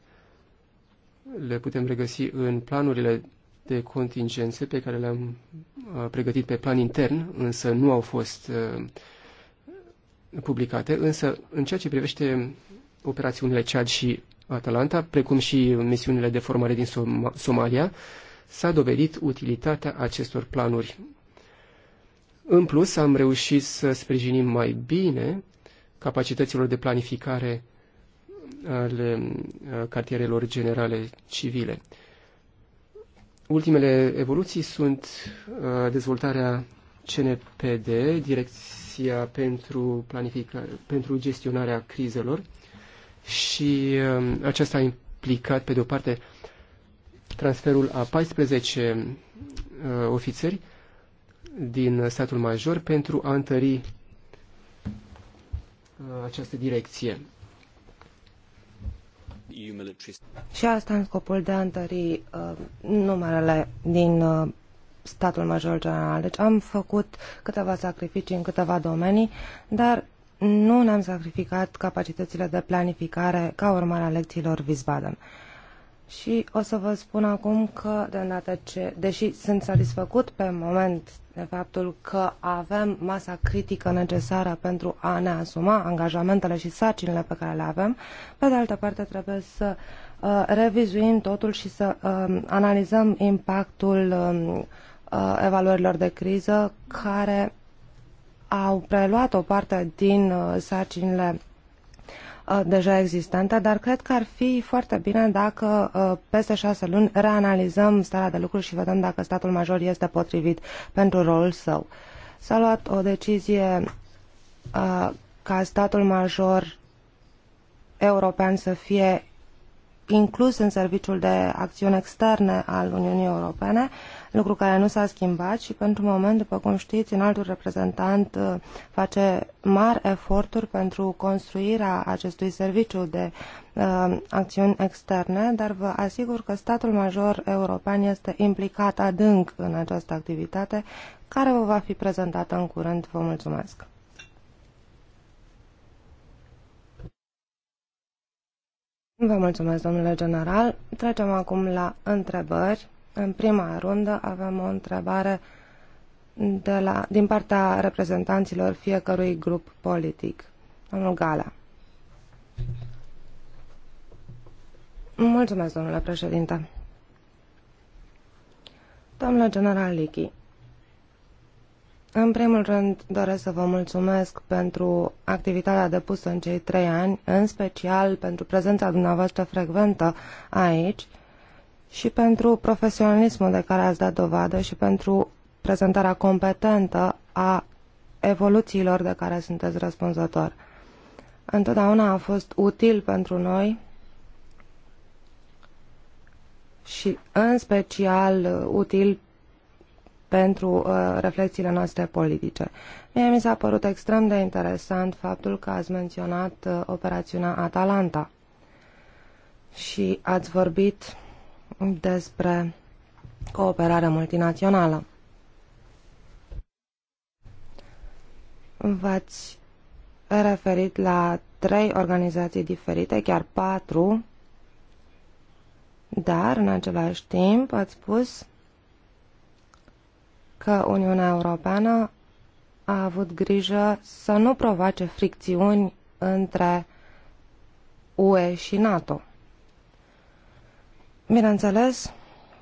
le putem regăsi în planurile de contingențe pe care le-am uh, pregătit pe plan intern, însă nu au fost uh, publicate. Însă, în ceea ce privește operațiunile Chad și Atalanta, precum și misiunile de formare din Somalia, s-a dovedit utilitatea acestor planuri în plus, am reușit să sprijinim mai bine capacităților de planificare ale uh, cartierelor generale civile. Ultimele evoluții sunt uh, dezvoltarea CNPD, Direcția pentru, planificare, pentru gestionarea crizelor, și um, aceasta a implicat, pe de o parte, transferul a 14 uh, ofițeri din statul major pentru a întări uh, această direcție. Și asta în scopul de a întări uh, numerele din uh, statul major general. Deci am făcut câteva sacrificii în câteva domenii, dar nu ne-am sacrificat capacitățile de planificare ca urmare a lecțiilor Wiesbaden. Uh, și o să vă spun acum că, de îndată ce, deși sunt satisfăcut pe moment de faptul că avem masa critică necesară pentru a ne asuma angajamentele și sarcinile pe care le avem, pe de altă parte trebuie să uh, revizuim totul și să uh, analizăm impactul um, uh, evaluărilor de criză care au preluat o parte din uh, sarcinile Uh, deja existente, dar cred că ar fi foarte bine dacă uh, peste șase luni reanalizăm starea de lucruri și vedem dacă statul major este potrivit pentru rolul său. S-a luat o decizie uh, ca statul major european să fie inclus în serviciul de acțiuni externe al Uniunii Europene, lucru care nu s-a schimbat și pentru moment, după cum știți, un altul reprezentant uh, face mari eforturi pentru construirea acestui serviciu de uh, acțiuni externe, dar vă asigur că statul major european este implicat adânc în această activitate, care vă va fi prezentată în curând. Vă mulțumesc! Vă mulțumesc, domnule general. Trecem acum la întrebări în prima rundă avem o întrebare de la, din partea reprezentanților fiecărui grup politic. Domnul Gala. Mulțumesc, domnule președinte. Domnule general Lichy, în primul rând doresc să vă mulțumesc pentru activitatea depusă în cei trei ani, în special pentru prezența dumneavoastră frecventă aici, și pentru profesionalismul de care ați dat dovadă și pentru prezentarea competentă a evoluțiilor de care sunteți răspunzător. Întotdeauna a fost util pentru noi și în special util pentru uh, reflexiile noastre politice. Mie mi s-a părut extrem de interesant faptul că ați menționat uh, operațiunea Atalanta și ați vorbit despre cooperare multinațională. V-ați referit la trei organizații diferite, chiar patru, dar în același timp ați spus că Uniunea Europeană a avut grijă să nu provoace fricțiuni între UE și NATO. Bineînțeles,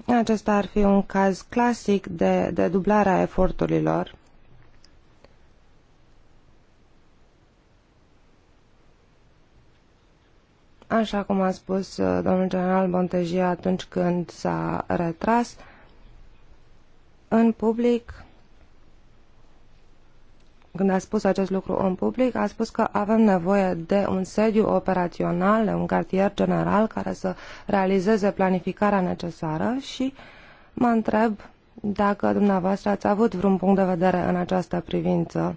acesta ar fi un caz clasic de, de dublare a eforturilor. Așa cum a spus uh, domnul general Bontejia atunci când s-a retras, în public când a spus acest lucru în public, a spus că avem nevoie de un sediu operațional, de un cartier general care să realizeze planificarea necesară și mă întreb dacă dumneavoastră ați avut vreun punct de vedere în această privință,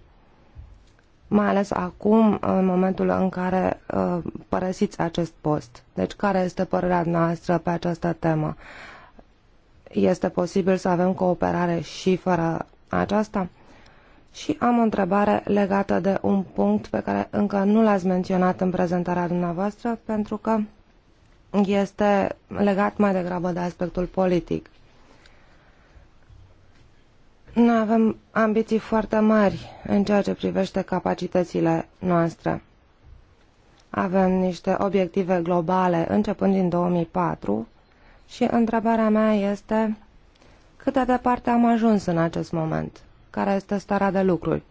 mai ales acum, în momentul în care uh, părăsiți acest post. Deci, care este părerea noastră pe această temă? Este posibil să avem cooperare și fără aceasta? Și am o întrebare legată de un punct pe care încă nu l-ați menționat în prezentarea dumneavoastră, pentru că este legat mai degrabă de aspectul politic. Noi avem ambiții foarte mari în ceea ce privește capacitățile noastre. Avem niște obiective globale începând din 2004 și întrebarea mea este cât de departe am ajuns în acest moment care este starea de lucruri.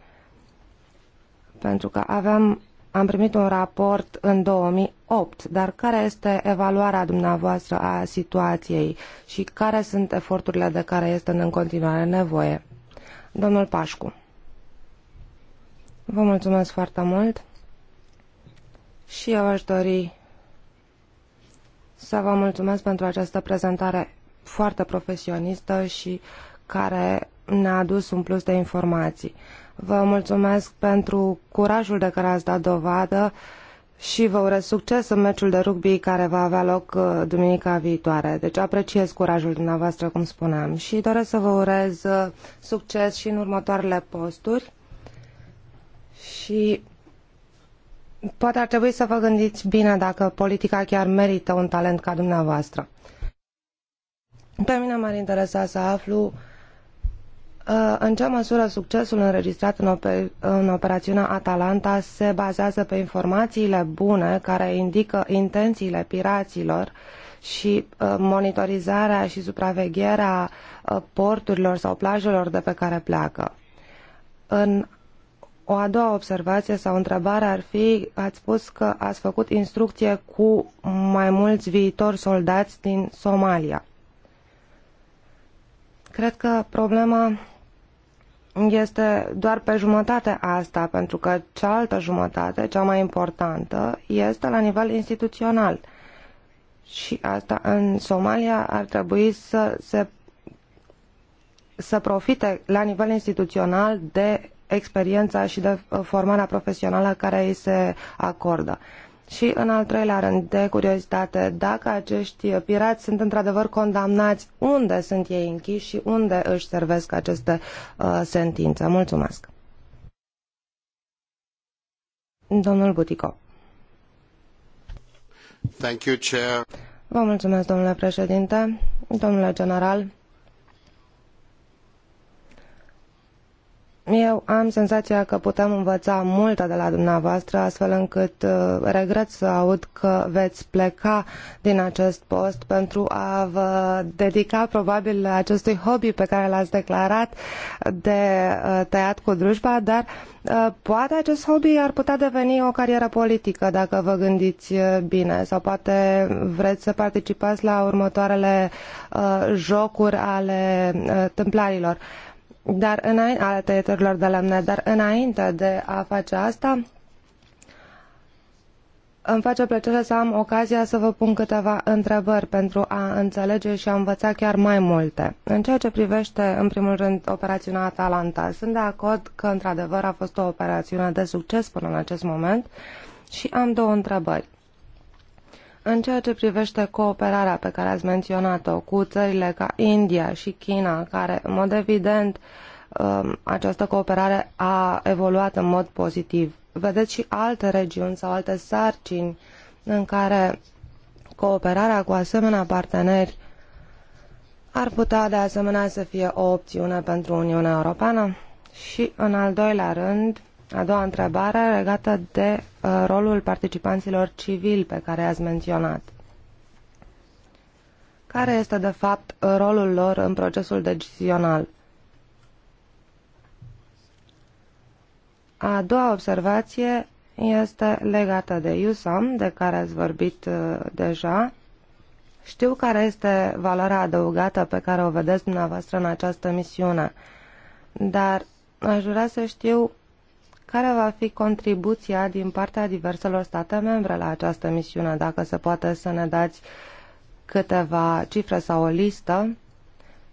Pentru că aveam, am primit un raport în 2008, dar care este evaluarea dumneavoastră a situației și care sunt eforturile de care este în continuare nevoie? Domnul Pașcu. Vă mulțumesc foarte mult și eu aș dori să vă mulțumesc pentru această prezentare foarte profesionistă și care ne-a adus un plus de informații. Vă mulțumesc pentru curajul de care ați dat dovadă și vă urez succes în meciul de rugby care va avea loc uh, duminica viitoare. Deci apreciez curajul dumneavoastră, cum spuneam, și doresc să vă urez uh, succes și în următoarele posturi. Și poate ar trebui să vă gândiți bine dacă politica chiar merită un talent ca dumneavoastră. Pe mine m-ar interesa să aflu Uh, în ce măsură succesul înregistrat în, oper în operațiunea Atalanta se bazează pe informațiile bune care indică intențiile piraților și uh, monitorizarea și supravegherea uh, porturilor sau plajelor de pe care pleacă? În o a doua observație sau întrebare ar fi, ați spus că ați făcut instrucție cu mai mulți viitori soldați din Somalia. Cred că problema este doar pe jumătate asta, pentru că cealaltă jumătate, cea mai importantă, este la nivel instituțional. Și asta în Somalia ar trebui să se să profite la nivel instituțional de experiența și de uh, formarea profesională care îi se acordă. Uh, și în al treilea rând, de curiozitate, dacă acești pirați sunt într-adevăr condamnați, unde sunt ei închiși și unde își servesc aceste uh, sentințe? Mulțumesc! Domnul Butico. Thank you, Chair. Vă mulțumesc, domnule președinte, domnule general. Eu am senzația că putem învăța multe de la dumneavoastră, astfel încât uh, regret să aud că veți pleca din acest post pentru a vă dedica probabil acestui hobby pe care l-ați declarat de uh, tăiat cu drujba, dar uh, poate acest hobby ar putea deveni o carieră politică dacă vă gândiți bine sau poate vreți să participați la următoarele jocuri ale templarilor dar înainte, ale tăieturilor de lemne, dar înainte de a face asta, îmi face plăcere să am ocazia să vă pun câteva întrebări pentru a înțelege și a învăța chiar mai multe. În ceea ce privește, în primul rând, operațiunea Atalanta, sunt de acord că, într-adevăr, a fost o operațiune de succes până în acest moment și am două întrebări. În ceea ce privește cooperarea pe care ați menționat-o cu țările ca India și China, care, în mod evident, um, această cooperare a evoluat în mod pozitiv, vedeți și alte regiuni sau alte sarcini în care cooperarea cu asemenea parteneri ar putea de asemenea să fie o opțiune pentru Uniunea Europeană? Și în al doilea rând, a doua întrebare legată de Uh, rolul participanților civili pe care ați menționat. Care este, de fapt, uh, rolul lor în procesul decizional? A doua observație este legată de USAM, de care ați vorbit uh, deja. Știu care este valoarea adăugată pe care o vedeți dumneavoastră în această misiune, dar aș vrea să știu care va fi contribuția din partea diverselor state membre la această misiune, dacă se poate să ne dați câteva cifre sau o listă.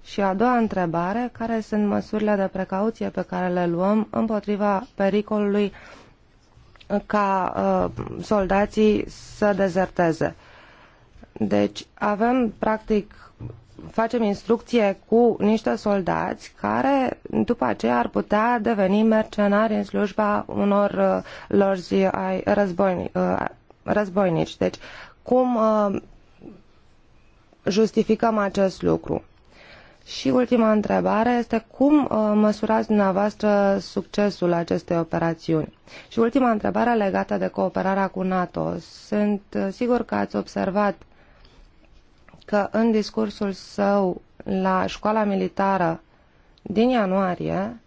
Și a doua întrebare, care sunt măsurile de precauție pe care le luăm împotriva pericolului ca uh, soldații să dezerteze? Deci avem practic facem instrucție cu niște soldați care după aceea ar putea deveni mercenari în slujba unor uh, zi ai războini, uh, războinici. Deci, cum uh, justificăm acest lucru? Și ultima întrebare este cum măsurați dumneavoastră succesul acestei operațiuni? Și ultima întrebare legată de cooperarea cu NATO. Sunt sigur că ați observat că în discursul său la școala militară din ianuarie,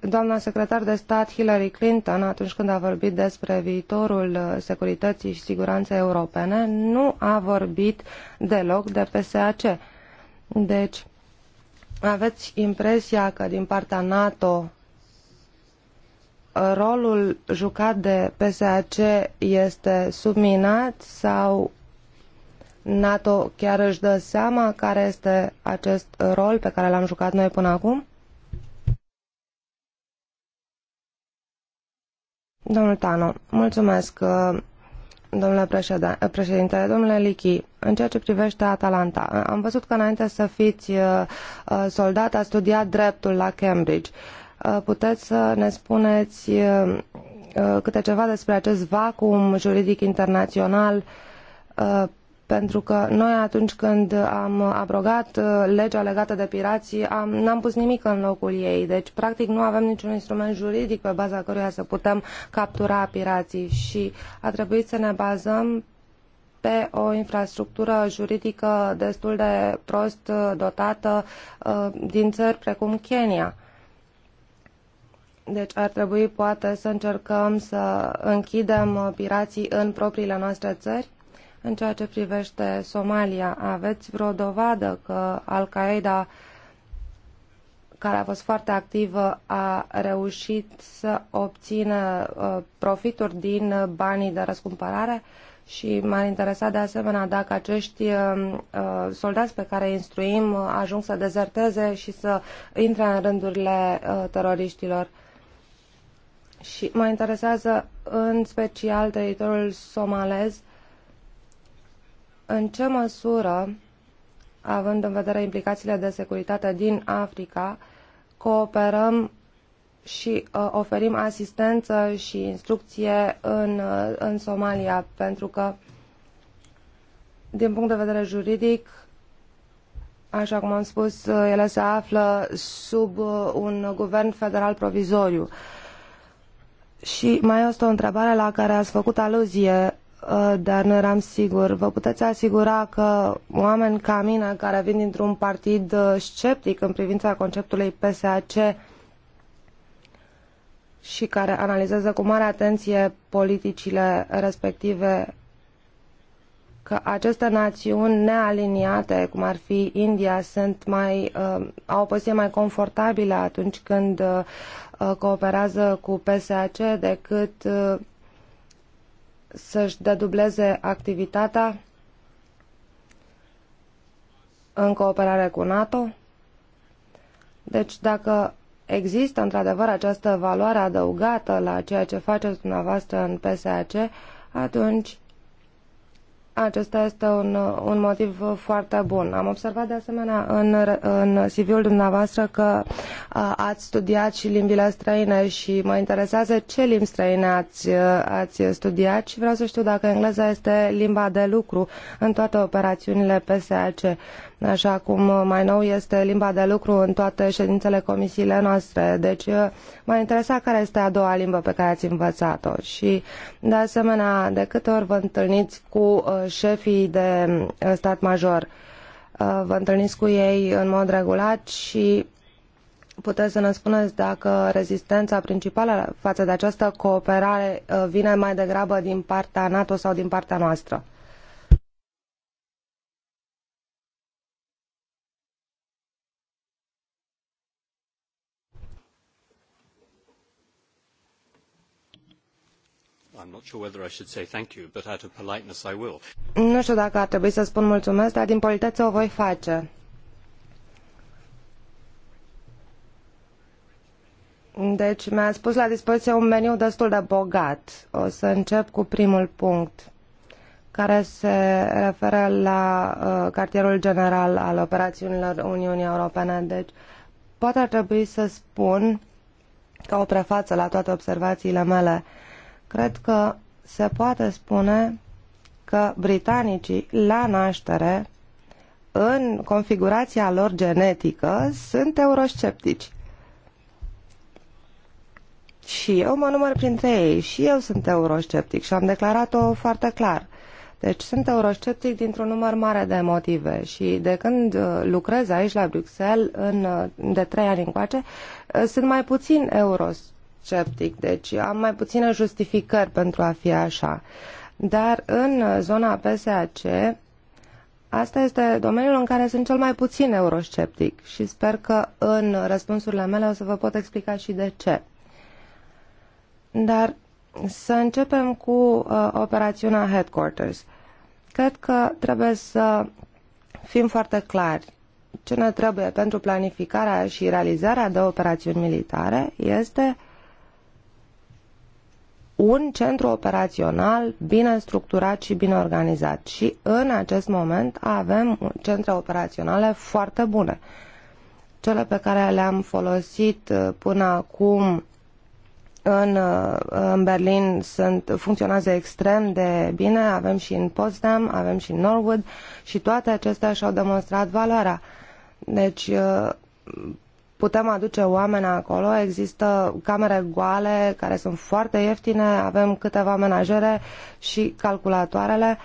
doamna secretar de stat Hillary Clinton, atunci când a vorbit despre viitorul uh, securității și siguranței europene, nu a vorbit deloc de PSAC. Deci, aveți impresia că din partea NATO rolul jucat de PSAC este subminat sau NATO chiar își dă seama care este acest rol pe care l-am jucat noi până acum? Domnul Tano, mulțumesc, uh, domnule uh, președinte, domnule Lichi, în ceea ce privește Atalanta, uh, am văzut că înainte să fiți soldat, a studiat dreptul la Cambridge. Puteți să ne spuneți câte ceva despre acest vacuum juridic internațional pentru că noi atunci când am abrogat uh, legea legată de pirații, am, n-am pus nimic în locul ei. Deci, practic, nu avem niciun instrument juridic pe baza căruia să putem captura pirații și a trebuit să ne bazăm pe o infrastructură juridică destul de prost uh, dotată uh, din țări precum Kenya. Deci ar trebui poate să încercăm să închidem pirații în propriile noastre țări? În ceea ce privește Somalia, aveți vreo dovadă că Al-Qaeda, care a fost foarte activă, a reușit să obțină uh, profituri din banii de răscumpărare? Și m-ar interesa de asemenea dacă acești uh, uh, soldați pe care îi instruim ajung să dezerteze și să intre în rândurile teroriștilor și mă interesează în special teritoriul somalez în ce măsură, având în vedere implicațiile de securitate din Africa, cooperăm și uh, oferim asistență și instrucție în, uh, în Somalia, pentru că, din punct de vedere juridic, așa cum am spus, uh, ele se află sub uh, un guvern federal provizoriu. Și mai este o întrebare la care ați făcut aluzie Uh, dar nu eram sigur. Vă puteți asigura că oameni ca mine, care vin dintr-un partid uh, sceptic în privința conceptului PSAC și care analizează cu mare atenție politicile respective, că aceste națiuni nealiniate, cum ar fi India, sunt mai, uh, au o poziție mai confortabilă atunci când uh, uh cooperează cu PSAC decât uh, să-și dedubleze activitatea în cooperare cu NATO. Deci dacă există într-adevăr această valoare adăugată la ceea ce faceți dumneavoastră în PSAC, atunci acesta este un, un motiv foarte bun. Am observat de asemenea în, în CV-ul dumneavoastră că ați studiat și limbile străine și mă interesează ce limbi străine ați, ați studiat și vreau să știu dacă engleza este limba de lucru în toate operațiunile PSAC așa cum uh, mai nou este limba de lucru în toate ședințele comisiile noastre. Deci uh, m-a interesat care este a doua limbă pe care ați învățat-o și de asemenea de câte ori vă întâlniți cu uh, șefii de stat major, vă întâlniți cu ei în mod regulat și puteți să ne spuneți dacă rezistența principală față de această cooperare vine mai degrabă din partea NATO sau din partea noastră. Nu știu dacă ar trebui să spun mulțumesc, dar din politețe o voi face. Deci mi a spus la dispoziție un meniu destul de bogat. O să încep cu primul punct care se referă la uh, cartierul general al operațiunilor Uniunii Europene. Deci, poate ar trebui să spun, ca o prefață la toate observațiile mele, Cred că se poate spune că britanicii la naștere, în configurația lor genetică, sunt eurosceptici. Și eu mă număr printre ei, și eu sunt eurosceptic și am declarat-o foarte clar. Deci sunt eurosceptic dintr-un număr mare de motive și de când uh, lucrez aici la Bruxelles în, uh, de trei ani încoace, uh, sunt mai puțin euros, sceptic, deci am mai puține justificări pentru a fi așa. Dar în zona PSAC, asta este domeniul în care sunt cel mai puțin eurosceptic și sper că în răspunsurile mele o să vă pot explica și de ce. Dar să începem cu uh, operațiunea Headquarters. Cred că trebuie să fim foarte clari. Ce ne trebuie pentru planificarea și realizarea de operațiuni militare este uh, un centru operațional bine structurat și bine organizat. Și în acest moment avem centre operaționale foarte bune. Cele pe care le-am folosit uh, până acum în, uh, în Berlin sunt, funcționează extrem de bine, avem și în Potsdam, avem și în Norwood și toate acestea și-au demonstrat valoarea. Deci uh, putem aduce oameni acolo, există camere goale care sunt foarte ieftine, avem câteva menajere și calculatoarele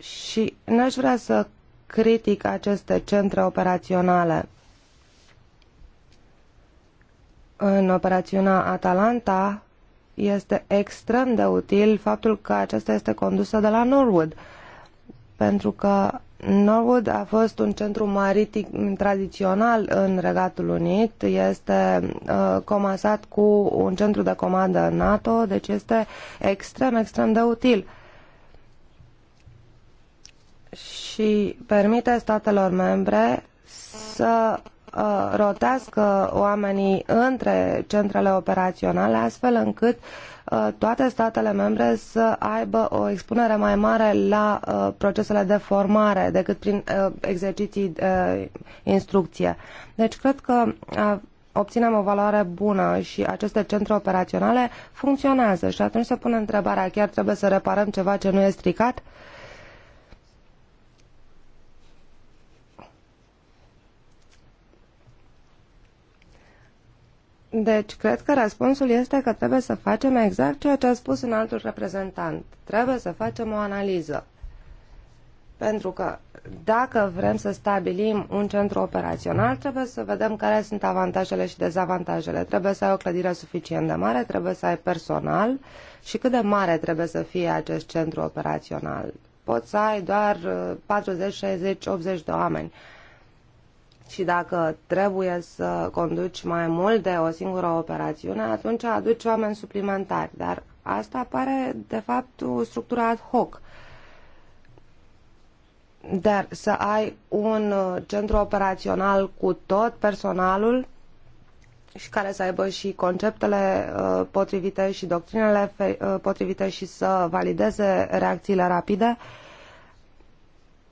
și n-aș vrea să critic aceste centre operaționale. În operațiunea Atalanta este extrem de util faptul că aceasta este condusă de la Norwood, pentru că Norwood a fost un centru maritim tradițional în Regatul Unit, este uh, comasat cu un centru de comandă NATO, deci este extrem, extrem de util și permite statelor membre să Uh, rotească oamenii între centrele operaționale, astfel încât uh, toate statele membre să aibă o expunere mai mare la uh, procesele de formare decât prin exerciții de instrucție. Deci cred că obținem o valoare bună și aceste centre operaționale funcționează și atunci se pune întrebarea chiar trebuie să reparăm ceva ce nu e stricat? Uh, Deci, cred că răspunsul este că trebuie să facem exact ceea ce a spus un altul reprezentant. Trebuie să facem o analiză. Pentru că dacă vrem să stabilim un centru operațional, trebuie să vedem care sunt avantajele și dezavantajele. Trebuie să ai o clădire suficient de mare, trebuie să ai personal și cât de mare trebuie să fie acest centru operațional. Poți să ai doar 40, 60, 80 de oameni și dacă trebuie să conduci mai mult de o singură operațiune, atunci aduci oameni suplimentari. Dar asta pare, de fapt, o structură ad hoc. Dar să ai un uh, centru operațional cu tot personalul și care să aibă și conceptele uh, potrivite și doctrinele uh, potrivite și să valideze reacțiile rapide, uh,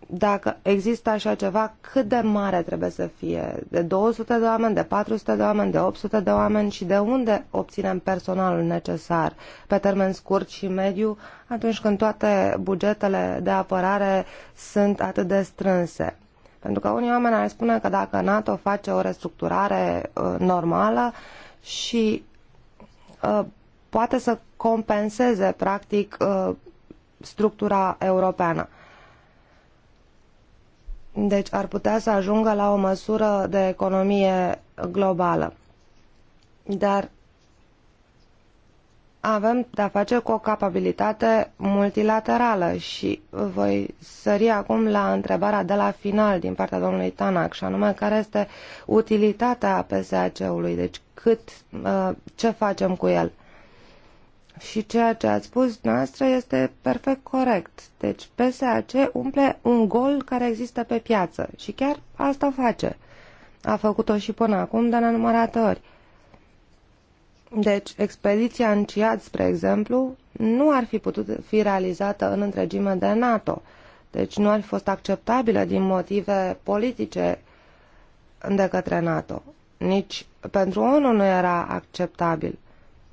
dacă există așa ceva, cât de mare trebuie să fie? De 200 de oameni, de 400 de oameni, de 800 de oameni și de unde obținem personalul necesar pe termen scurt și mediu atunci când toate bugetele de apărare sunt atât de strânse? Pentru că unii oameni ar spune că dacă NATO face o restructurare uh, normală și uh, poate să compenseze practic uh, structura europeană. Uh, deci ar putea să ajungă la o măsură de economie globală. Dar avem de-a face cu o capabilitate multilaterală și voi sări acum la întrebarea de la final din partea domnului Tanac și anume care este utilitatea PSAC-ului, deci cât, uh, ce facem cu el. Și ceea ce ați spus noastră este perfect corect. Deci PSAC umple un gol care există pe piață și chiar asta face. A făcut-o și până acum de nenumărate ori. Deci, expediția în Ciad, spre exemplu, nu ar fi putut fi realizată în întregime de NATO. Deci nu ar fi fost acceptabilă din motive politice de către NATO. Nici pentru ONU nu era acceptabil.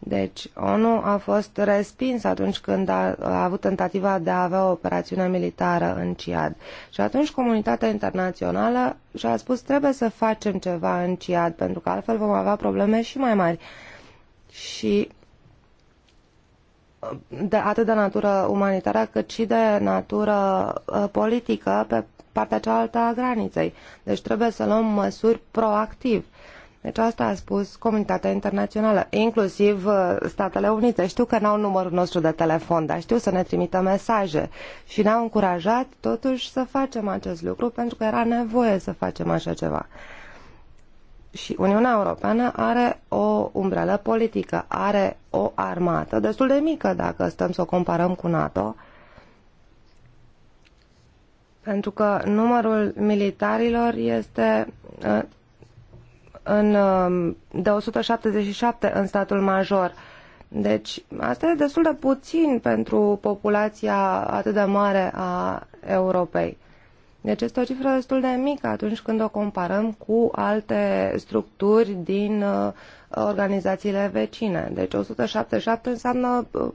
Deci, ONU a fost respins atunci când a, a avut tentativa de a avea o operațiune militară în Ciad. Și atunci comunitatea internațională și-a spus trebuie să facem ceva în Ciad, pentru că altfel vom avea probleme și mai mari. Și de, atât de natură umanitară cât și de natură uh, politică pe partea cealaltă a graniței. Deci trebuie să luăm măsuri proactiv. Uh, deci asta a spus comunitatea internațională, inclusiv uh, Statele Unite. Știu că n-au numărul nostru de telefon, dar știu să ne trimită mesaje și ne-au încurajat totuși să facem acest lucru pentru că era nevoie să facem așa ceva. Și Uniunea Europeană are o umbrelă politică, are o armată destul de mică dacă stăm să o comparăm cu NATO, pentru că numărul militarilor este uh, în, um, de 177 în statul major. Deci asta e destul de puțin pentru populația atât de mare a Europei. Deci este o cifră destul de mică atunci când o comparăm cu alte structuri din uh, organizațiile vecine. Deci 177 înseamnă uh,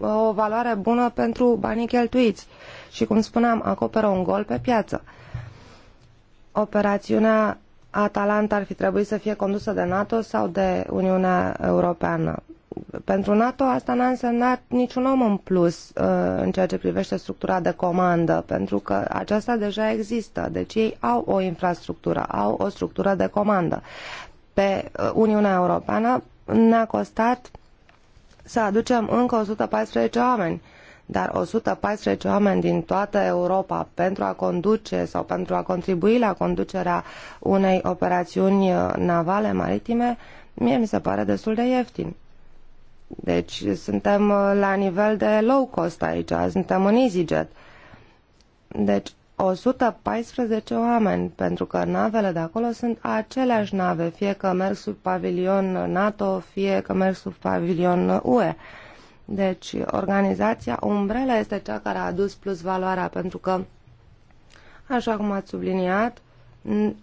o valoare bună pentru banii cheltuiți și, cum spuneam, acoperă un gol pe piață. Operațiunea Atalanta ar fi trebuit să fie condusă de NATO sau de Uniunea Europeană. Pentru NATO asta n-a însemnat niciun om în plus uh, în ceea ce privește structura de comandă, pentru că aceasta deja există. Deci ei au o infrastructură, au o structură de comandă. Pe uh, Uniunea Europeană ne-a costat să aducem încă 114 oameni dar 114 oameni din toată Europa pentru a conduce sau pentru a contribui la conducerea unei operațiuni navale maritime, mie mi se pare destul de ieftin. Deci suntem la nivel de low cost aici, suntem în EasyJet. Deci 114 oameni, pentru că navele de acolo sunt aceleași nave, fie că merg sub pavilion NATO, fie că merg sub pavilion UE. Deci, organizația Umbrella este cea care a adus plus valoarea, pentru că, așa cum ați subliniat,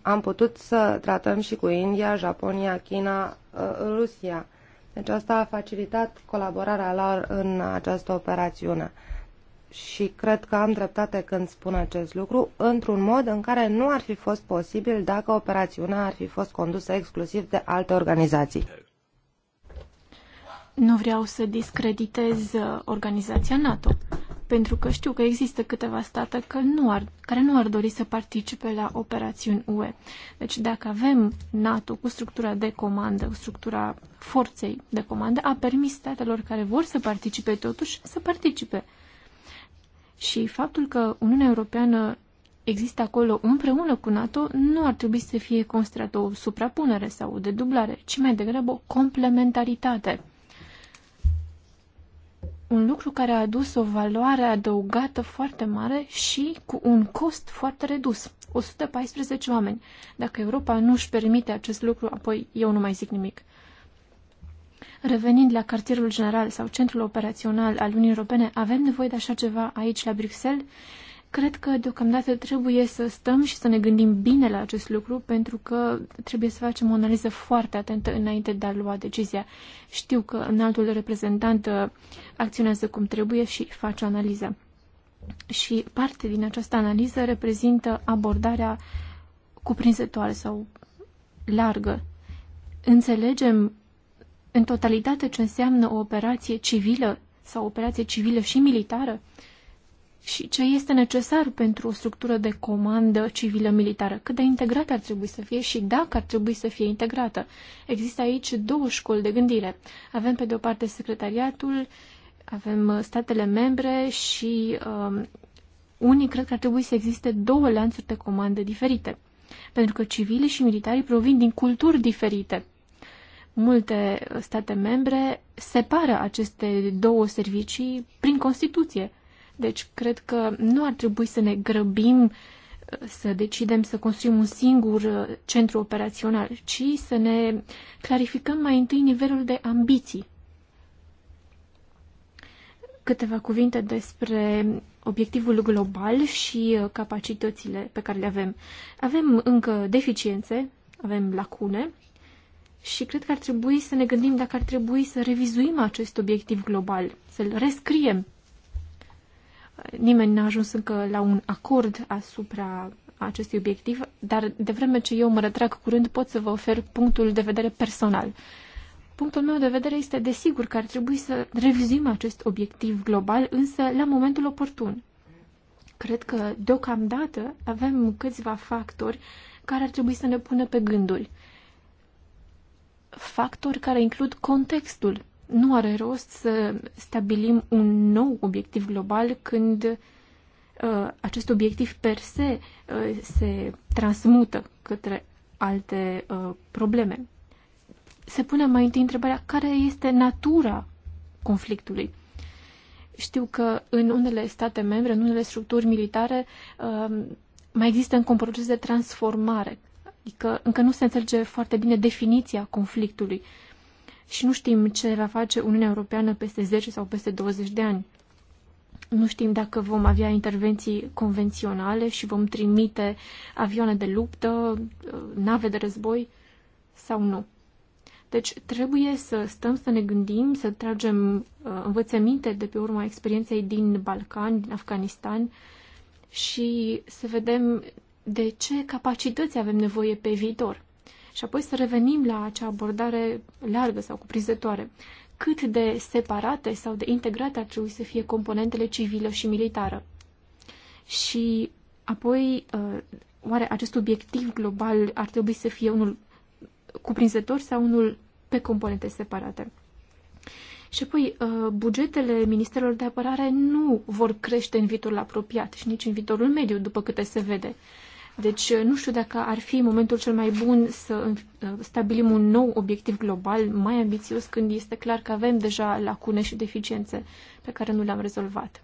am putut să tratăm și cu India, Japonia, China, uh, Rusia. Deci asta a facilitat colaborarea lor în această operațiune. Și cred că am dreptate când spun acest lucru, într-un mod în care nu ar fi fost posibil dacă operațiunea ar fi fost condusă exclusiv de alte organizații. Nu vreau să discreditez uh, organizația NATO, pentru că știu că există câteva state că nu ar, care nu ar dori să participe la operațiuni UE. Deci dacă avem NATO cu structura de comandă, cu structura forței de comandă, a permis statelor care vor să participe totuși să participe. Și faptul că Uniunea Europeană există acolo împreună cu NATO nu ar trebui să fie considerat o suprapunere sau o dedublare, ci mai degrabă o complementaritate un lucru care a adus o valoare adăugată foarte mare și cu un cost foarte redus. 114 oameni. Dacă Europa nu își permite acest lucru, apoi eu nu mai zic nimic. Revenind la cartierul general sau centrul operațional al Uniunii Europene, avem nevoie de așa ceva aici la Bruxelles? Cred că deocamdată trebuie să stăm și să ne gândim bine la acest lucru, pentru că trebuie să facem o analiză foarte atentă înainte de a lua decizia. Știu că în altul reprezentant uh, acționează cum trebuie și face o analiză. Și parte din această analiză reprezintă abordarea cuprinzătoare sau largă. Înțelegem în totalitate ce înseamnă o operație civilă sau operație civilă și militară? și ce este necesar pentru o structură de comandă civilă-militară, cât de integrată ar trebui să fie și dacă ar trebui să fie integrată. Există aici două școli de gândire. Avem pe de o parte secretariatul, avem uh, statele membre și um, unii cred că ar trebui să existe două lanțuri de comandă diferite, pentru că civilii și militarii provin din culturi diferite. Multe uh, state membre separă aceste două servicii prin Constituție, deci, cred că nu ar trebui să ne grăbim uh, să decidem să construim un singur uh, centru operațional, ci să ne clarificăm mai întâi nivelul de ambiții. Câteva cuvinte despre obiectivul global și uh, capacitățile pe care le avem. Avem încă deficiențe, avem lacune și cred că ar trebui să ne gândim dacă ar trebui să revizuim acest obiectiv global, să-l rescriem nimeni n-a ajuns încă la un acord asupra acestui obiectiv, dar de vreme ce eu mă retrag curând pot să vă ofer punctul de vedere personal. Punctul meu de vedere este desigur că ar trebui să revizuim acest obiectiv global, însă la momentul oportun. Cred că deocamdată avem câțiva factori care ar trebui să ne pună pe gânduri. Factori care includ contextul nu are rost să stabilim un nou obiectiv global când uh, acest obiectiv per se uh, se transmută către alte uh, probleme. Se pune mai întâi întrebarea care este natura conflictului. Știu că în unele state membre, în unele structuri militare, mai există încă un proces de transformare, adică încă nu se înțelege foarte bine definiția conflictului și nu știm ce va face Uniunea Europeană peste 10 sau peste 20 de ani. Nu știm dacă vom avea intervenții convenționale și vom trimite avioane de luptă, nave de război sau nu. Deci trebuie să stăm să ne gândim, să tragem uh, învățăminte de pe urma experienței din Balcan, din Afganistan și să vedem de ce capacități avem nevoie pe viitor și apoi să revenim la acea abordare largă sau cuprinzătoare. Cât de separate sau de integrate ar trebui să fie componentele civilă și militară? Și apoi, uh, oare acest obiectiv global ar trebui să fie unul cuprinzător sau unul pe componente separate? Și apoi, uh, bugetele ministerilor de apărare nu vor crește în viitorul apropiat și nici în viitorul mediu, după câte se vede. Deci uh, nu știu dacă ar fi momentul cel mai bun să uh, stabilim un nou obiectiv global mai ambițios când este clar că avem deja lacune și deficiențe pe care nu le-am rezolvat.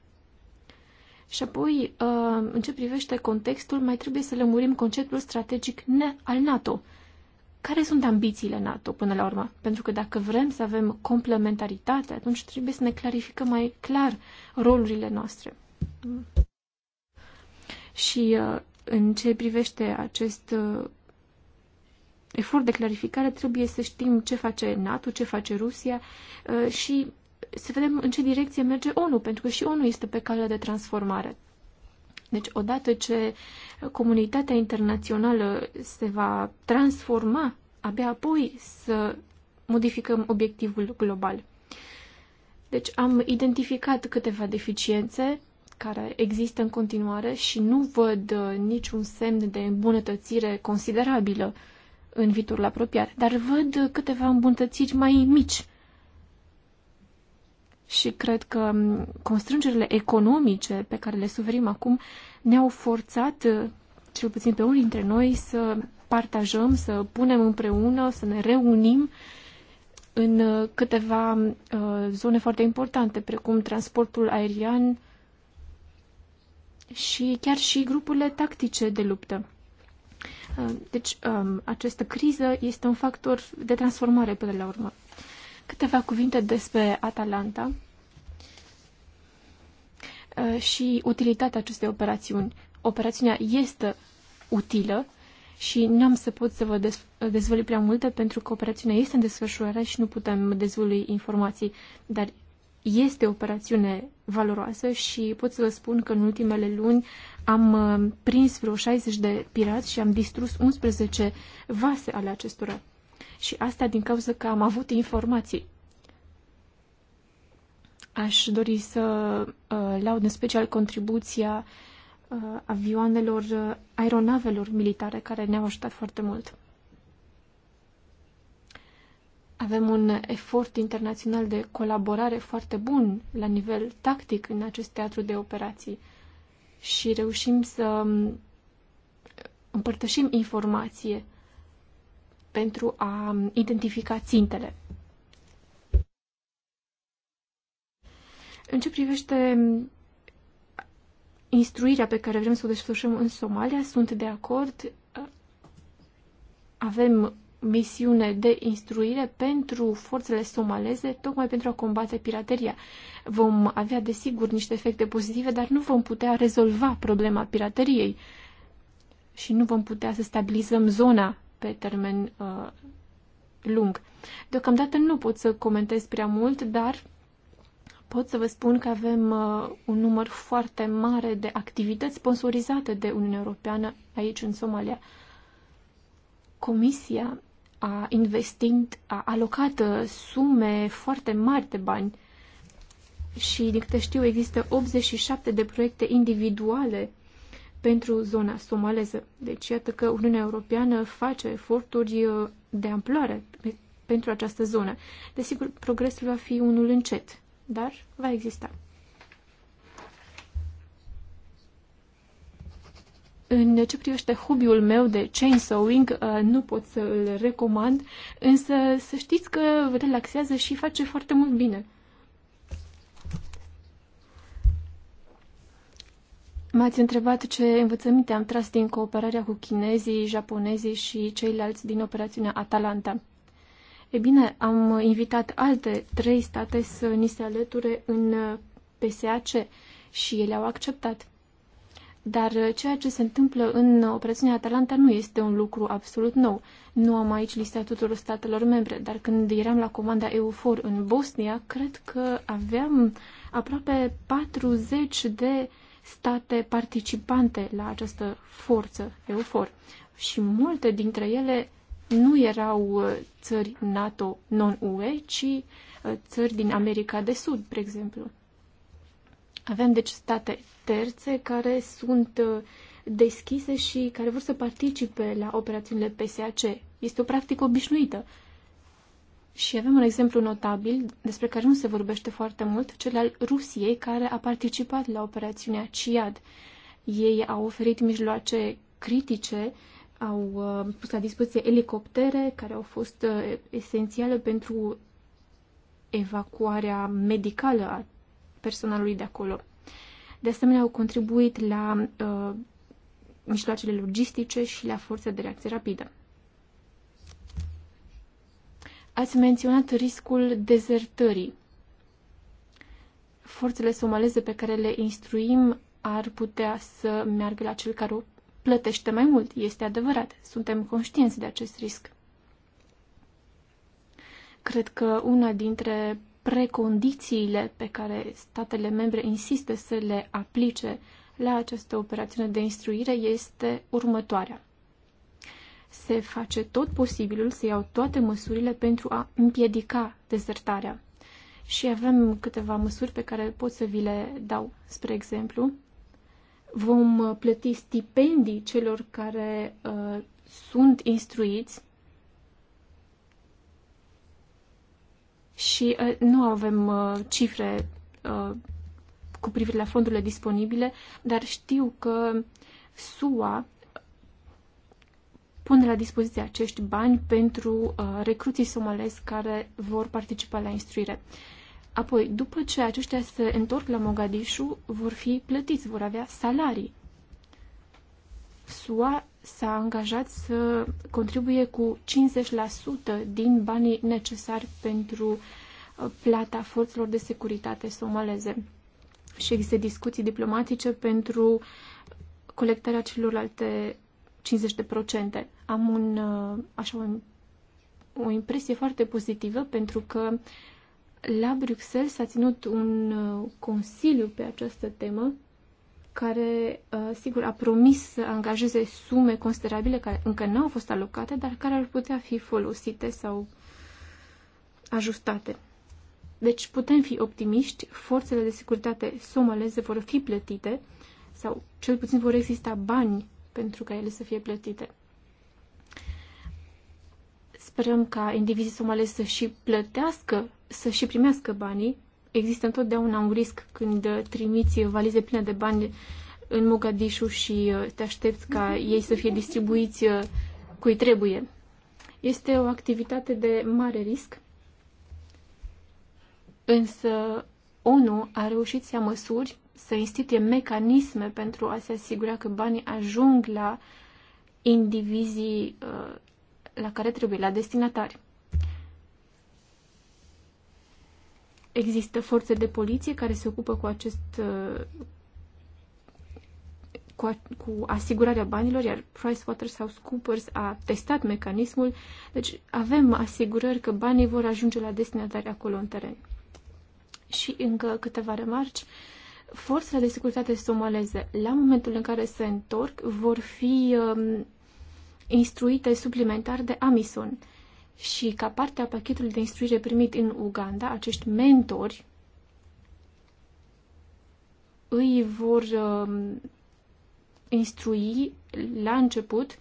Și apoi, uh, în ce privește contextul, mai trebuie să lămurim conceptul strategic al NATO. Care sunt ambițiile NATO până la urmă? Pentru că dacă vrem să avem complementaritate, atunci trebuie să ne clarificăm mai clar rolurile noastre. Mm. Și în ce privește acest uh, efort de clarificare, trebuie să știm ce face NATO, ce face Rusia uh, și să vedem în ce direcție merge ONU, pentru că și ONU este pe calea de transformare. Deci, odată ce comunitatea internațională se va transforma, abia apoi să modificăm obiectivul global. Deci, am identificat câteva deficiențe care există în continuare și nu văd uh, niciun semn de îmbunătățire considerabilă în viitorul apropiat, dar văd câteva îmbunătățiri mai mici. Și cred că um, constrângerile economice pe care le suferim acum ne-au forțat, uh, cel puțin pe unii dintre noi, să partajăm, să punem împreună, să ne reunim în uh, câteva zone foarte importante, precum transportul aerian, și chiar și grupurile tactice de luptă. Uh, deci, um, această criză este un factor de transformare până la urmă. Câteva cuvinte despre Atalanta uh, și utilitatea acestei operațiuni. Operațiunea este utilă și nu am să pot să vă dezvălui prea multe pentru că operațiunea este în desfășurare și nu putem dezvălui informații, dar este o operațiune valoroasă și pot să vă spun că în ultimele luni am uh, prins vreo 60 de pirați și am distrus 11 vase ale acestora. Și asta din cauza că am avut informații. Aș dori să uh, laud în special contribuția uh, avioanelor, uh, aeronavelor militare care ne-au ajutat foarte mult. Avem un efort internațional de colaborare foarte bun la nivel tactic în acest teatru de operații și reușim să um, împărtășim informație pentru a um, identifica țintele. În ce privește um, instruirea pe care vrem să o desfășurăm în Somalia, sunt de acord. Avem misiune de instruire pentru forțele somaleze, tocmai pentru a combate pirateria. Vom avea, desigur, niște efecte pozitive, dar nu vom putea rezolva problema pirateriei și nu vom putea să stabilizăm zona pe termen uh, lung. Deocamdată nu pot să comentez prea mult, dar pot să vă spun că avem uh, un număr foarte mare de activități sponsorizate de Uniunea Europeană aici în Somalia. Comisia a investit, a alocat uh, sume foarte mari de bani și, din câte știu, există 87 de proiecte individuale pentru zona somaleză. Deci, iată că Uniunea Europeană face eforturi uh, de amploare pentru această zonă. Desigur, progresul va fi unul încet, dar va exista. În ce privește hobby-ul meu de chainsawing, uh, nu pot să îl recomand, însă să știți că relaxează și face foarte mult bine. M-ați întrebat ce învățăminte am tras din cooperarea cu chinezii, japonezii și ceilalți din operațiunea Atalanta. E bine, am invitat alte trei state să ni se alăture în uh, PSAC și ele au acceptat. Dar uh, ceea ce se întâmplă în operațiunea Atalanta nu este un lucru absolut nou. Nu am aici lista tuturor statelor membre, dar când eram la comanda EUFOR în Bosnia, cred că aveam aproape 40 de state participante la această forță EUFOR și multe dintre ele nu erau uh, țări NATO non-UE, ci uh, țări din America de Sud, de exemplu. Avem deci state terțe care sunt uh, deschise și care vor să participe la operațiunile PSAC. Este o practică obișnuită. Și avem un exemplu notabil despre care nu se vorbește foarte mult, cel al Rusiei care a participat la operațiunea CIAD. Ei au oferit mijloace critice, au uh, pus la dispoziție elicoptere care au fost uh, esențiale pentru evacuarea medicală a personalului de acolo. De asemenea, au contribuit la uh, mijloacele logistice și la forța de reacție rapidă. Ați menționat riscul dezertării. Forțele somaleze pe care le instruim ar putea să meargă la cel care o plătește mai mult. Este adevărat. Suntem conștienți de acest risc. Cred că una dintre precondițiile pe care statele membre insistă să le aplice la această operațiune de instruire este următoarea. Se face tot posibilul să iau toate măsurile pentru a împiedica dezertarea. Și avem câteva măsuri pe care pot să vi le dau. Spre exemplu, vom plăti stipendii celor care uh, sunt instruiți și uh, nu avem uh, cifre uh, cu privire la fondurile disponibile, dar știu că SUA pune la dispoziție acești bani pentru recruții somalezi care vor participa la instruire. Apoi, după ce aceștia se întorc la Mogadishu, vor fi plătiți, vor avea salarii. SUA s-a angajat să contribuie cu 50% din banii necesari pentru uh, plata forțelor de securitate somaleze. Și există discuții diplomatice pentru colectarea celorlalte 50%. Am un, uh, așa, un, o impresie foarte pozitivă pentru că la Bruxelles s-a ținut un uh, consiliu pe această temă care, uh, sigur, a promis să angajeze sume considerabile care încă nu au fost alocate, dar care ar putea fi folosite sau ajustate. Deci putem fi optimiști, forțele de securitate somaleze vor fi plătite sau cel puțin vor exista bani pentru ca ele să fie plătite. Sperăm ca indivizii somalezi să și plătească, să și primească banii există întotdeauna un risc când trimiți valize pline de bani în Mogadishu și uh, te aștepți ca ei să fie distribuiți uh, cui trebuie. Este o activitate de mare risc, însă ONU a reușit să ia măsuri, să instituie mecanisme pentru a se asigura că banii ajung la indivizii uh, la care trebuie, la destinatari. Există forțe de poliție care se ocupă cu acest uh, cu, a, cu asigurarea banilor, iar PricewaterhouseCoopers a testat mecanismul, deci avem asigurări că banii vor ajunge la destinatari acolo în teren. Și încă câteva remarci. Forțele de securitate somaleze, la momentul în care se întorc, vor fi um, instruite suplimentar de Amison. Uh, și ca parte a pachetului de instruire primit în Uganda, acești mentori îi vor uh, instrui la început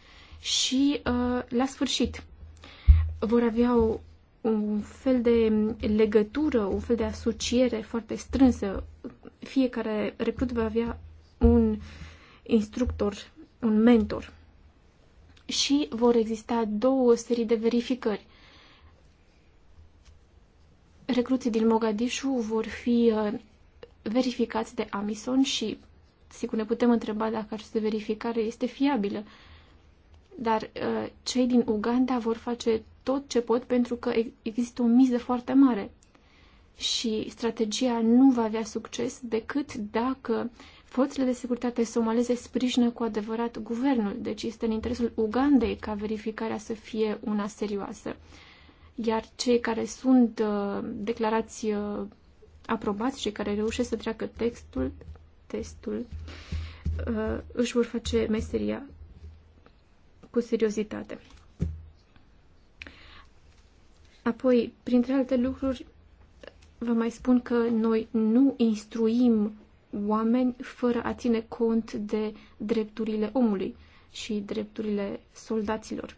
și uh, la sfârșit. Vor avea o, un fel de legătură, un fel de asociere foarte strânsă. Fiecare recrut va avea un instructor, un mentor și vor exista două serii de verificări. Recruții din Mogadishu vor fi uh, verificați de Amison și, sigur, ne putem întreba dacă această verificare este fiabilă. Dar uh, cei din Uganda vor face tot ce pot pentru că există o miză foarte mare și strategia nu va avea succes decât dacă forțele de securitate somaleze sprijină cu adevărat guvernul. Deci este în interesul Ugandei ca verificarea să fie una serioasă. Iar cei care sunt uh, declarați uh, aprobați, cei care reușesc să treacă textul, testul, uh, își vor face meseria cu seriozitate. Apoi, printre alte lucruri, Vă mai spun că noi nu instruim oameni fără a ține cont de drepturile omului și drepturile soldaților.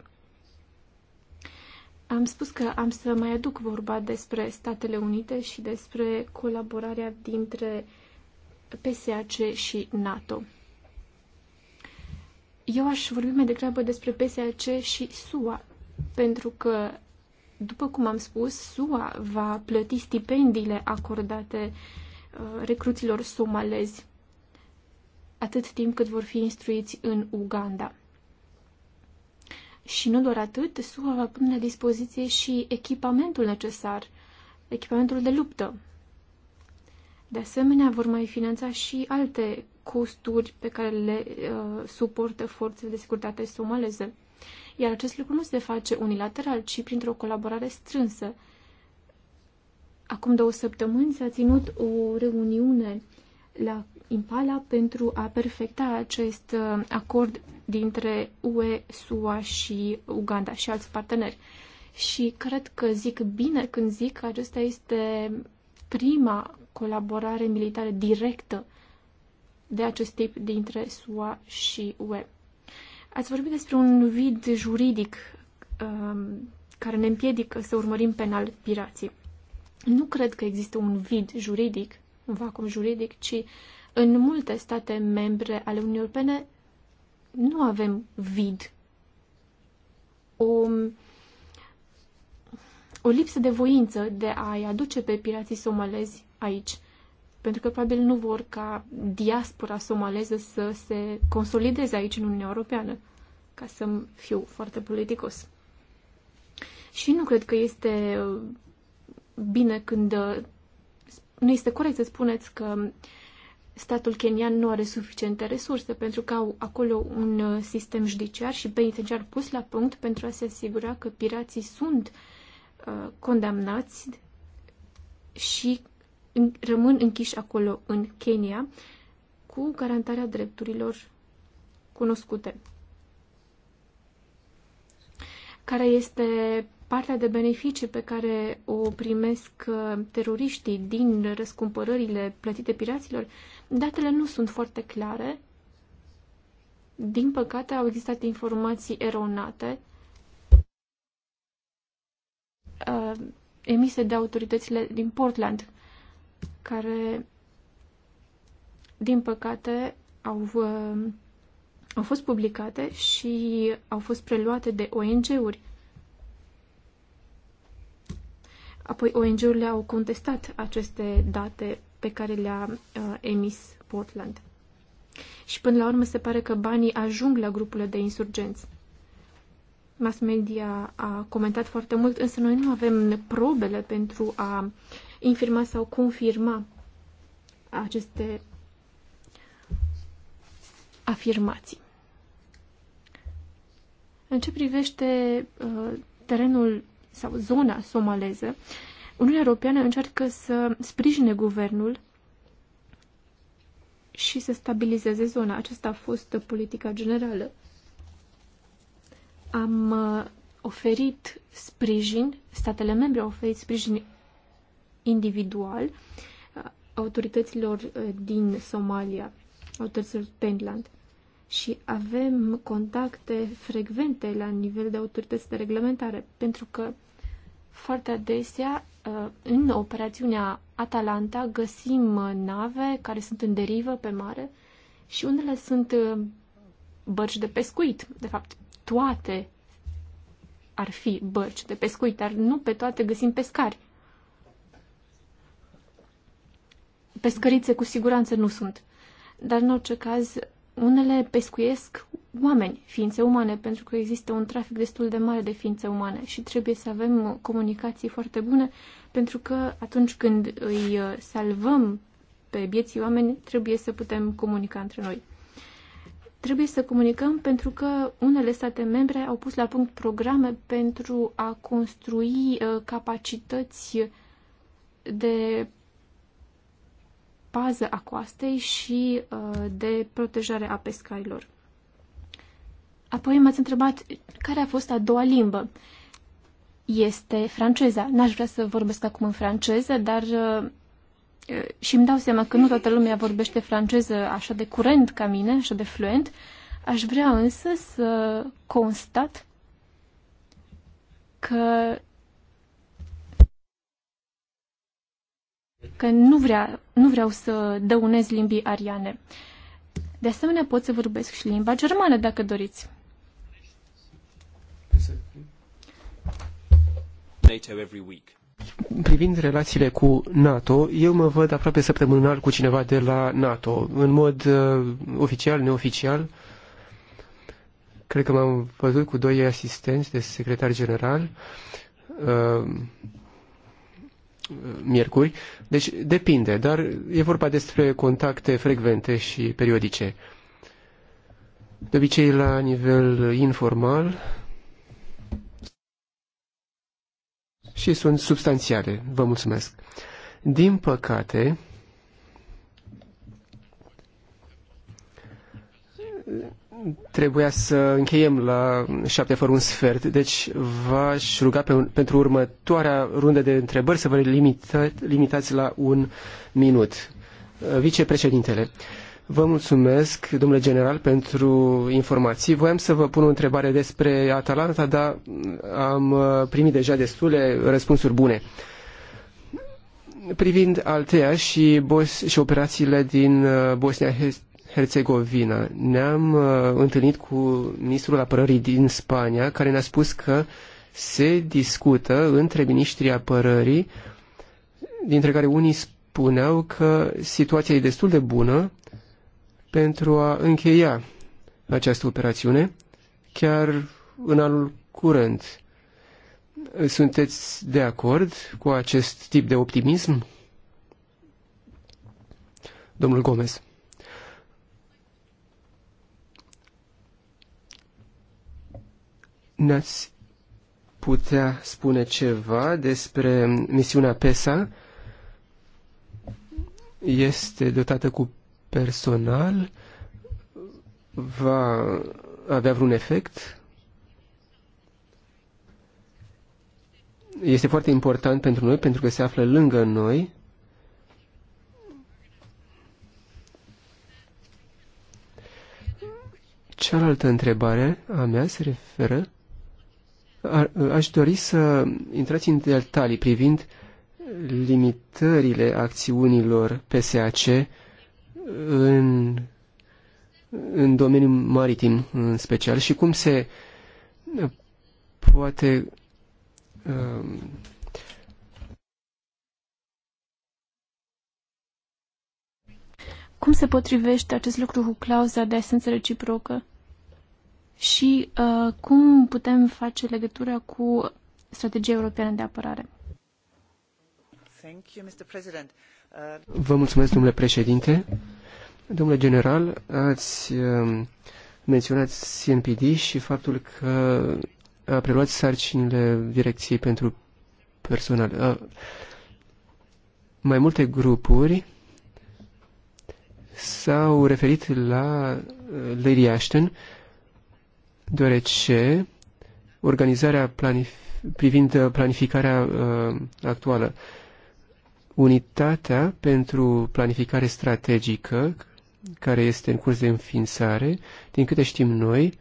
Am spus că am să mai aduc vorba despre Statele Unite și despre colaborarea dintre PSAC și NATO. Eu aș vorbi mai degrabă despre PSAC și SUA, pentru că după cum am spus, SUA va plăti stipendiile acordate uh, recruților somalezi atât timp cât vor fi instruiți în Uganda. Și nu doar atât, SUA va pune la dispoziție și echipamentul necesar, echipamentul de luptă. De asemenea, vor mai finanța și alte costuri pe care le uh, suportă forțele de securitate somaleze. Iar acest lucru nu se face unilateral, ci printr-o colaborare strânsă. Acum două săptămâni s-a ținut o reuniune la Impala pentru a perfecta acest uh, acord dintre UE, SUA și Uganda și alți parteneri. Și cred că zic bine când zic că acesta este prima colaborare militară directă de acest tip dintre SUA și UE. Ați vorbit despre un vid juridic um, care ne împiedică să urmărim penal pirații. Nu cred că există un vid juridic, un vacum juridic, ci în multe state membre ale Uniunii Europene nu avem vid. O, o lipsă de voință de a-i aduce pe pirații somalezi aici pentru că probabil nu vor ca diaspora somaleză să se consolideze aici în Uniunea Europeană, ca să fiu foarte politicos. Și nu cred că este uh, bine când uh, nu este corect să spuneți că statul kenian nu are suficiente resurse pentru că au acolo un uh, sistem judiciar și penitenciar pus la punct pentru a se asigura că pirații sunt uh, condamnați și rămân închiși acolo în Kenya cu garantarea drepturilor cunoscute, care este partea de beneficii pe care o primesc uh, teroriștii din răscumpărările plătite piraților, datele nu sunt foarte clare. Din păcate, au existat informații eronate uh, emise de autoritățile din Portland care, din păcate, au, uh, au fost publicate și au fost preluate de ONG-uri. Apoi ONG-urile au contestat aceste date pe care le-a uh, emis Portland. Și până la urmă se pare că banii ajung la grupurile de insurgenți. Mass media a comentat foarte mult, însă noi nu avem probele pentru a infirma sau confirma aceste afirmații. În ce privește uh, terenul sau zona somaleză, Uniunea Europeană încearcă să sprijine guvernul și să stabilizeze zona. Aceasta a fost politica generală. Am uh, oferit sprijin, statele membre au oferit sprijin individual autorităților uh, din Somalia, autorităților Pentland. Și avem contacte frecvente la nivel de autorități de reglementare, pentru că foarte adesea uh, în operațiunea Atalanta găsim uh, nave care sunt în derivă pe mare și unele sunt bărci de pescuit. De fapt, toate ar fi bărci de pescuit, dar nu pe toate găsim pescari. pescărițe cu siguranță nu sunt. Dar în orice caz, unele pescuiesc oameni, ființe umane, pentru că există un trafic destul de mare de ființe umane și trebuie să avem comunicații foarte bune, pentru că atunci când îi uh, salvăm pe vieții oameni, trebuie să putem comunica între noi. Trebuie să comunicăm pentru că unele state membre au pus la punct programe pentru a construi uh, capacități de pază a coastei și uh, de protejare a pescarilor. Apoi m-ați întrebat care a fost a doua limbă. Este franceza. N-aș vrea să vorbesc acum în franceză, dar uh, uh, și îmi dau seama că nu toată lumea vorbește franceză așa de curent ca mine, așa de fluent. Aș vrea însă să constat că că nu, vrea, nu vreau să dăunez limbii ariane. De asemenea, pot să vorbesc și limba germană, dacă doriți. NATO every week. Privind relațiile cu NATO, eu mă văd aproape săptămânal cu cineva de la NATO, în mod uh, oficial, neoficial. Cred că m-am văzut cu doi asistenți de secretar general. Uh, miercuri. Deci depinde, dar e vorba despre contacte frecvente și periodice. De obicei la nivel informal și sunt substanțiale. Vă mulțumesc. Din păcate, trebuia să încheiem la șapte fără un sfert, deci v-aș ruga pe, pentru următoarea rundă de întrebări să vă limita, limitați la un minut. Vicepreședintele, vă mulțumesc, domnule general, pentru informații. Voiam să vă pun o întrebare despre Atalanta, dar am uh, primit deja destule răspunsuri bune. Privind Altea și, Bos- și operațiile din uh, Bosnia-Herzegovina, Herțegovina. Ne-am uh, întâlnit cu ministrul apărării din Spania, care ne-a spus că se discută între miniștrii apărării, dintre care unii spuneau că situația e destul de bună pentru a încheia această operațiune, chiar în anul curent. Sunteți de acord cu acest tip de optimism? Domnul Gomez. Ne-ați putea spune ceva despre misiunea PESA? Este dotată cu personal? Va avea vreun efect? Este foarte important pentru noi, pentru că se află lângă noi. Cealaltă întrebare a mea se referă aș dori să intrați în detalii privind limitările acțiunilor PSAC în, în domeniul maritim în special și cum se poate um, Cum se potrivește acest lucru cu clauza de esență reciprocă? și uh, cum putem face legătura cu strategia europeană de apărare. Uh, Vă mulțumesc, domnule președinte. Domnule general, ați um, menționat CNPD și faptul că a preluat sarcinile direcției pentru personal. Uh, mai multe grupuri s-au referit la uh, Lady Ashton deoarece organizarea planif- privind uh, planificarea uh, actuală, unitatea pentru planificare strategică, care este în curs de înființare, din câte știm noi,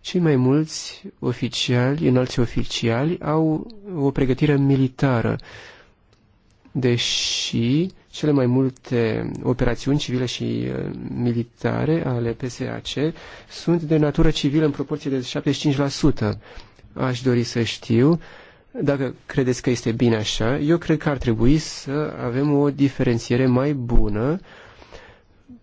cei mai mulți oficiali, înalți oficiali, au o pregătire militară, deși cele mai multe operațiuni civile și uh, militare ale PSAC sunt de natură civilă în proporție de 75%. Aș dori să știu dacă credeți că este bine așa. Eu cred că ar trebui să avem o diferențiere mai bună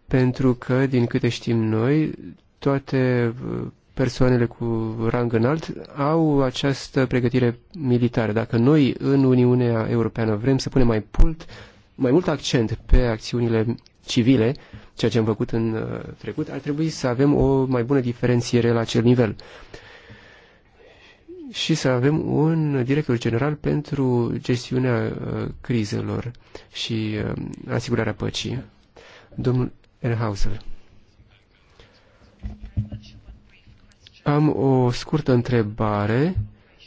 pentru că, din câte știm noi, toate uh, persoanele cu rang înalt au această pregătire militară. Dacă noi în Uniunea Europeană vrem să punem mai mult mai mult accent pe acțiunile civile, ceea ce am făcut în uh, trecut, ar trebui să avem o mai bună diferențiere la acel nivel și să avem un director general pentru gestiunea uh, crizelor și uh, asigurarea păcii, domnul Erhauser. Am o scurtă întrebare.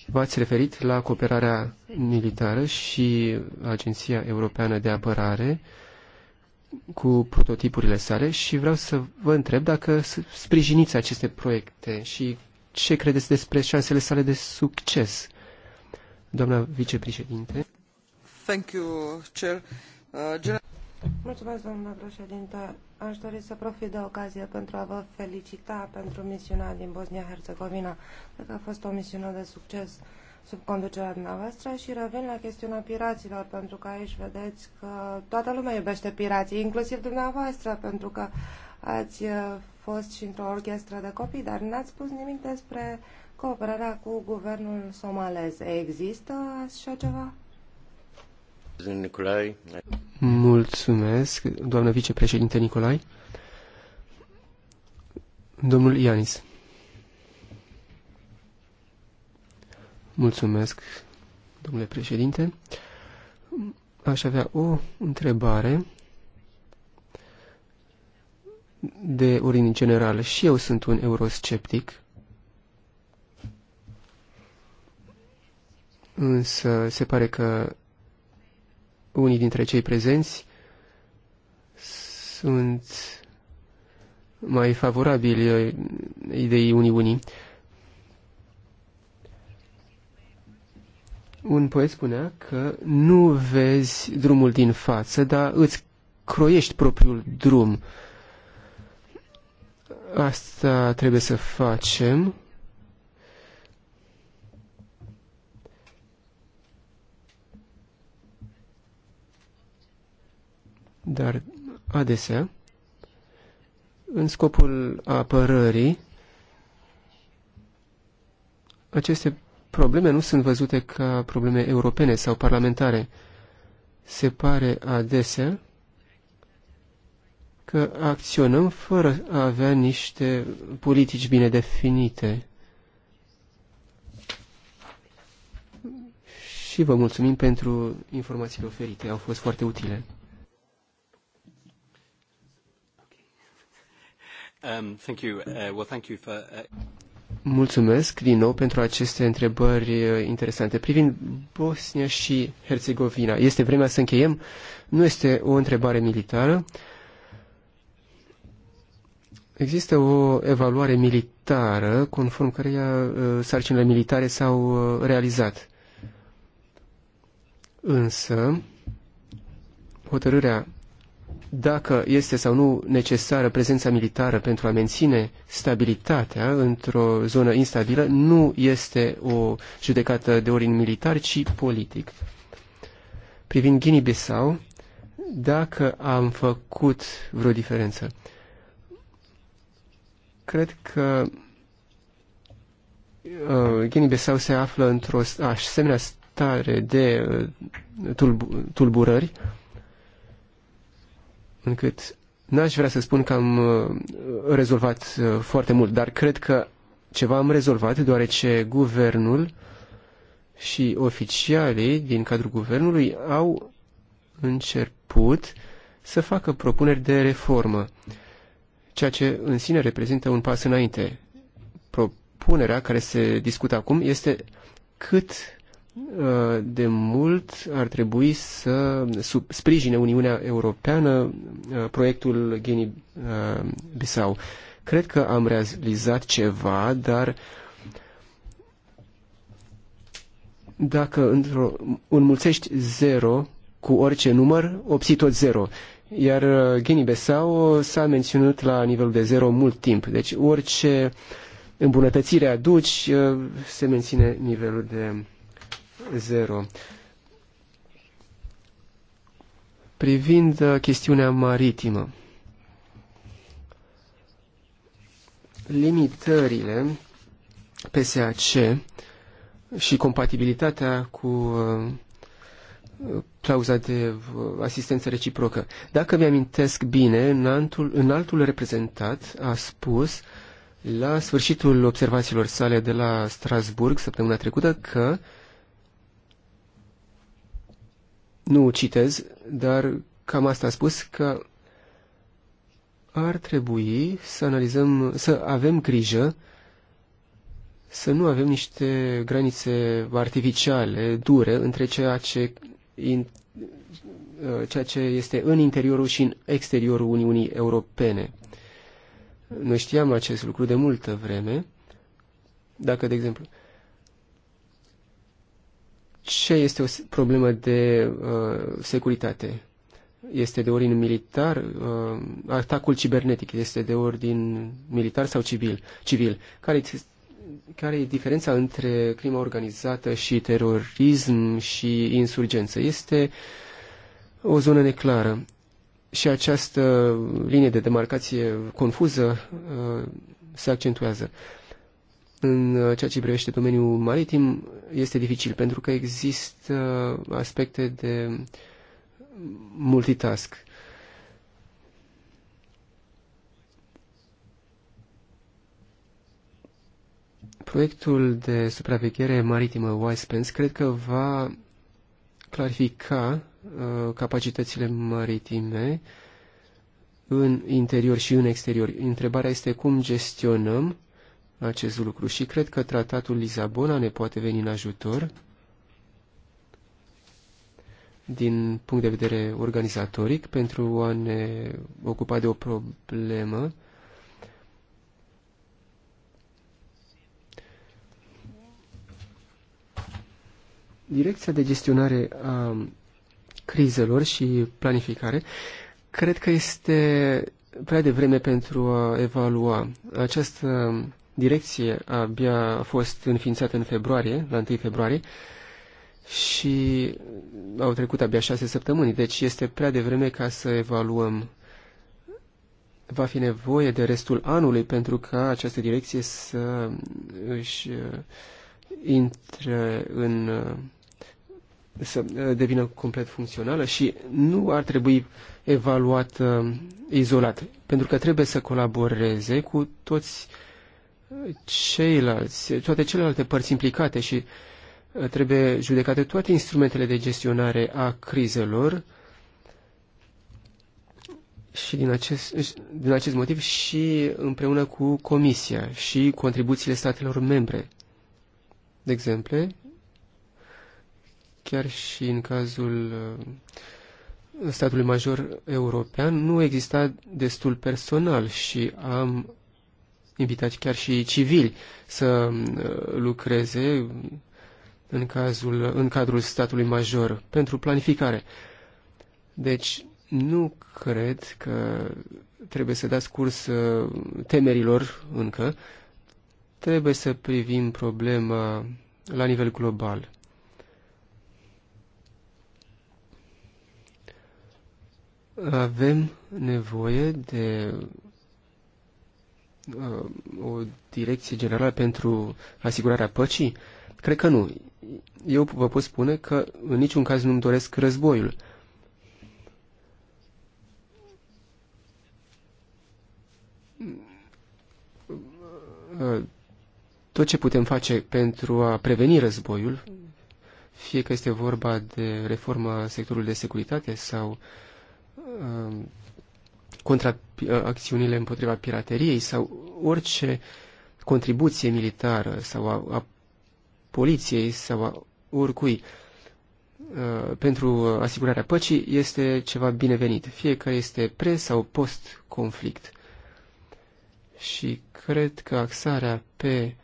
V-ați referit la cooperarea militară și Agenția Europeană de Apărare cu prototipurile sale și vreau să vă întreb dacă sprijiniți aceste proiecte și ce credeți despre șansele sale de succes, doamna vicepreședinte. Thank you, Chair. Uh, Mulțumesc, doamna președinte. Aș dori să profit de ocazie pentru a vă felicita pentru misiunea din Bosnia-Herzegovina. Cred că a fost o misiune de succes. Uh, sub conducerea dumneavoastră și revin la chestiunea piraților, pentru că aici vedeți că toată lumea iubește pirații, inclusiv dumneavoastră, pentru că ați uh, fost și într-o orchestră de copii, dar n-ați spus nimic despre cooperarea cu guvernul somalez. Există așa ceva? Nicolai. Mulțumesc, doamnă vicepreședinte Nicolai. Domnul Ianis. Mulțumesc, domnule președinte. Aș avea o întrebare de ordine generală. Și eu sunt un eurosceptic, însă se pare că unii dintre cei prezenți sunt mai favorabili ideii unii unii. Un poet spunea că nu vezi drumul din față, dar îți croiești propriul drum. Asta trebuie să facem. Dar adesea, în scopul apărării, aceste probleme nu sunt văzute ca probleme europene sau parlamentare. Se pare adesea că acționăm fără a avea niște politici bine definite. Și vă mulțumim pentru informațiile oferite, au fost foarte utile. Um, thank you. Uh, well, thank you for, uh mulțumesc din nou pentru aceste întrebări uh, interesante. Privind Bosnia și Herțegovina, este vremea să încheiem? Nu este o întrebare militară. Există o evaluare militară conform căreia uh, sarcinile militare s-au uh, realizat. Însă, hotărârea dacă este sau nu necesară prezența militară pentru a menține stabilitatea într-o zonă instabilă, nu este o judecată de ori militar, ci politic. Privind Guinea-Bissau, dacă am făcut vreo diferență, cred că uh, Guinea-Bissau se află într-o asemenea stare de uh, tulb tulburări, uh, încât n-aș vrea să spun că am uh, rezolvat uh, foarte mult, dar cred că ceva am rezolvat, deoarece guvernul și oficialii din cadrul guvernului au început să facă propuneri de reformă, ceea ce în sine reprezintă un pas înainte. Propunerea care se discută acum este cât Uh, de mult ar trebui să sprijine Uniunea Europeană uh, proiectul Guinea-Bissau. Uh, Cred că am realizat ceva, dar dacă într-o, înmulțești zero cu orice număr, obții tot zero. Iar Guinea-Bissau s-a menționat la nivelul de zero mult timp. Deci orice îmbunătățire aduci, se menține nivelul de 0. Privind uh, chestiunea maritimă, limitările PSAC și compatibilitatea cu uh, clauza de uh, asistență reciprocă. Dacă mi-amintesc bine, înaltul, înaltul reprezentat a spus la sfârșitul observațiilor sale de la Strasburg săptămâna trecută că uh, nu citez, dar cam asta a spus, că ar trebui să analizăm, să avem grijă să nu avem niște granițe artificiale, dure, între ceea ce, in, uh, ceea ce este în interiorul și în exteriorul Uniunii Europene. Noi știam acest lucru de multă vreme. Dacă, de exemplu, ce este o problemă de uh, securitate? Este de ordin militar? Uh, atacul cibernetic este de ordin militar sau civil? civil. Care, care e diferența între crima organizată și terorism și insurgență? Este o zonă neclară. Și această linie de demarcație confuză uh, se accentuează. În uh, ceea ce privește domeniul maritim, este dificil pentru că există uh, aspecte de multitask. Proiectul de supraveghere maritimă Wise cred că va clarifica uh, capacitățile maritime în interior și în exterior. Întrebarea este cum gestionăm uh, acest lucru și cred că tratatul Lisabona ne poate veni în ajutor din punct de vedere organizatoric pentru a ne ocupa de o problemă Direcția de gestionare a crizelor și planificare cred că este prea devreme pentru a evalua. Această direcție abia a fost înființată în februarie, la 1 februarie, și au trecut abia șase săptămâni, deci este prea devreme ca să evaluăm. Va fi nevoie de restul anului pentru ca această direcție să își uh, intre în uh, să uh, devină complet funcțională și nu ar trebui evaluat izolat, pentru că trebuie să colaboreze cu toți uh, ceilalți, toate celelalte părți implicate și uh, trebuie judecate toate instrumentele de gestionare a crizelor și din acest, din acest motiv și împreună cu Comisia și contribuțiile statelor membre. De exemplu, chiar și în cazul uh, statului major european nu exista destul personal și am invitați chiar și civili să uh, lucreze în, cazul, în cadrul statului major pentru planificare. Deci, nu cred că trebuie să dați curs uh, temerilor încă. Trebuie să privim problema la nivel global. Avem nevoie de Uh, o direcție generală pentru asigurarea păcii? Cred că nu. Eu vă pot spune că în niciun caz nu-mi doresc războiul. Uh, tot ce putem face pentru a preveni războiul, fie că este vorba de reforma sectorului de securitate sau uh, contra uh, acțiunile împotriva pirateriei sau orice contribuție militară sau a, a poliției sau a oricui uh, pentru asigurarea păcii este ceva binevenit, fie că este pre- sau post-conflict. Și cred că axarea pe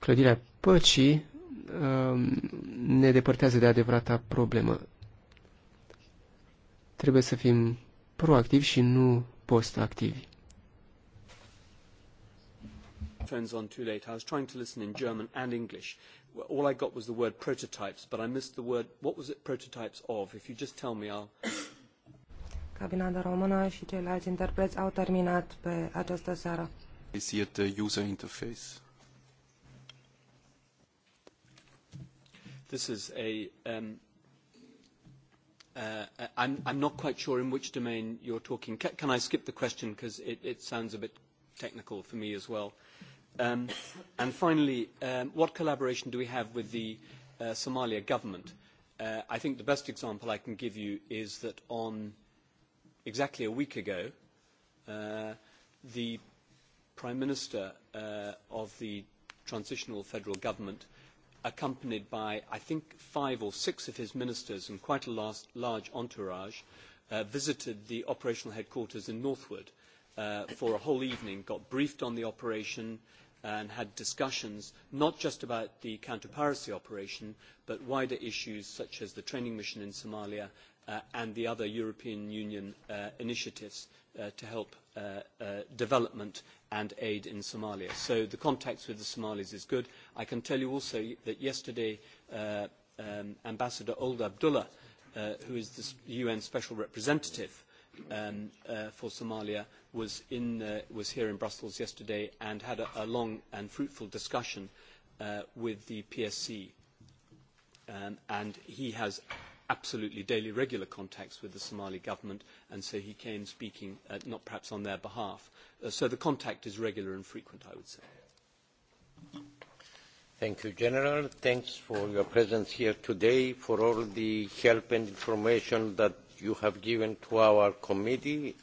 clădirea păcii um, ne depărtează de adevărata problemă. Trebuie să fim proactivi și nu post-activi. Phones on too late. I was trying to listen in German and English. All I got was the word prototypes, but I missed the word. What was it prototypes of? If you just tell me, I'll. Cabina de română și ceilalți interpreți au terminat pe această seară. Is it the uh, user interface? This is a um, Uh, uh, I'm, not quite sure in which domain you're talking. Can, can I skip the question because it, it sounds a bit technical for me as well? Um, and finally, um, what collaboration do we have with the uh, Somalia government? Uh, I think the best example I can give you is that on exactly a week ago, uh, the Prime Minister uh, of the transitional federal government uh, accompanied by, I think, five or six of his ministers and quite a last, large entourage, uh, visited the operational headquarters in Northwood uh, for a whole evening, got briefed on the operation and had discussions not just about the counter-piracy operation, but wider issues such as the training mission in Somalia uh, and the other European Union uh, initiatives uh, to help uh, development and aid in Somalia. So the contacts with the Somalis is good. I can tell you also that yesterday uh, um, Ambassador Old Abdullah, uh, who is the UN Special Representative um, uh, for Somalia, was, in, uh, was, here in Brussels yesterday and had a, a long and fruitful discussion uh, with the PSC. Um, and he has absolutely daily regular contacts with the Somali government, and so he came speaking, uh, not perhaps on their behalf. Uh, so the contact is regular and frequent, I would say. Thank you, General. Thanks for your presence here today, for all the help and information that you have given to our committee,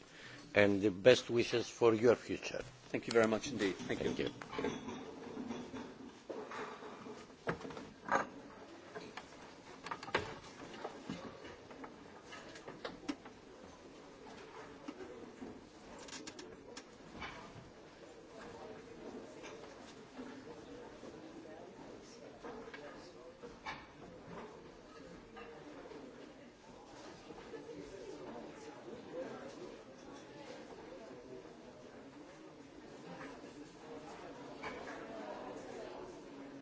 and the best wishes for your future. Thank you very much indeed. Thank, Thank you. you.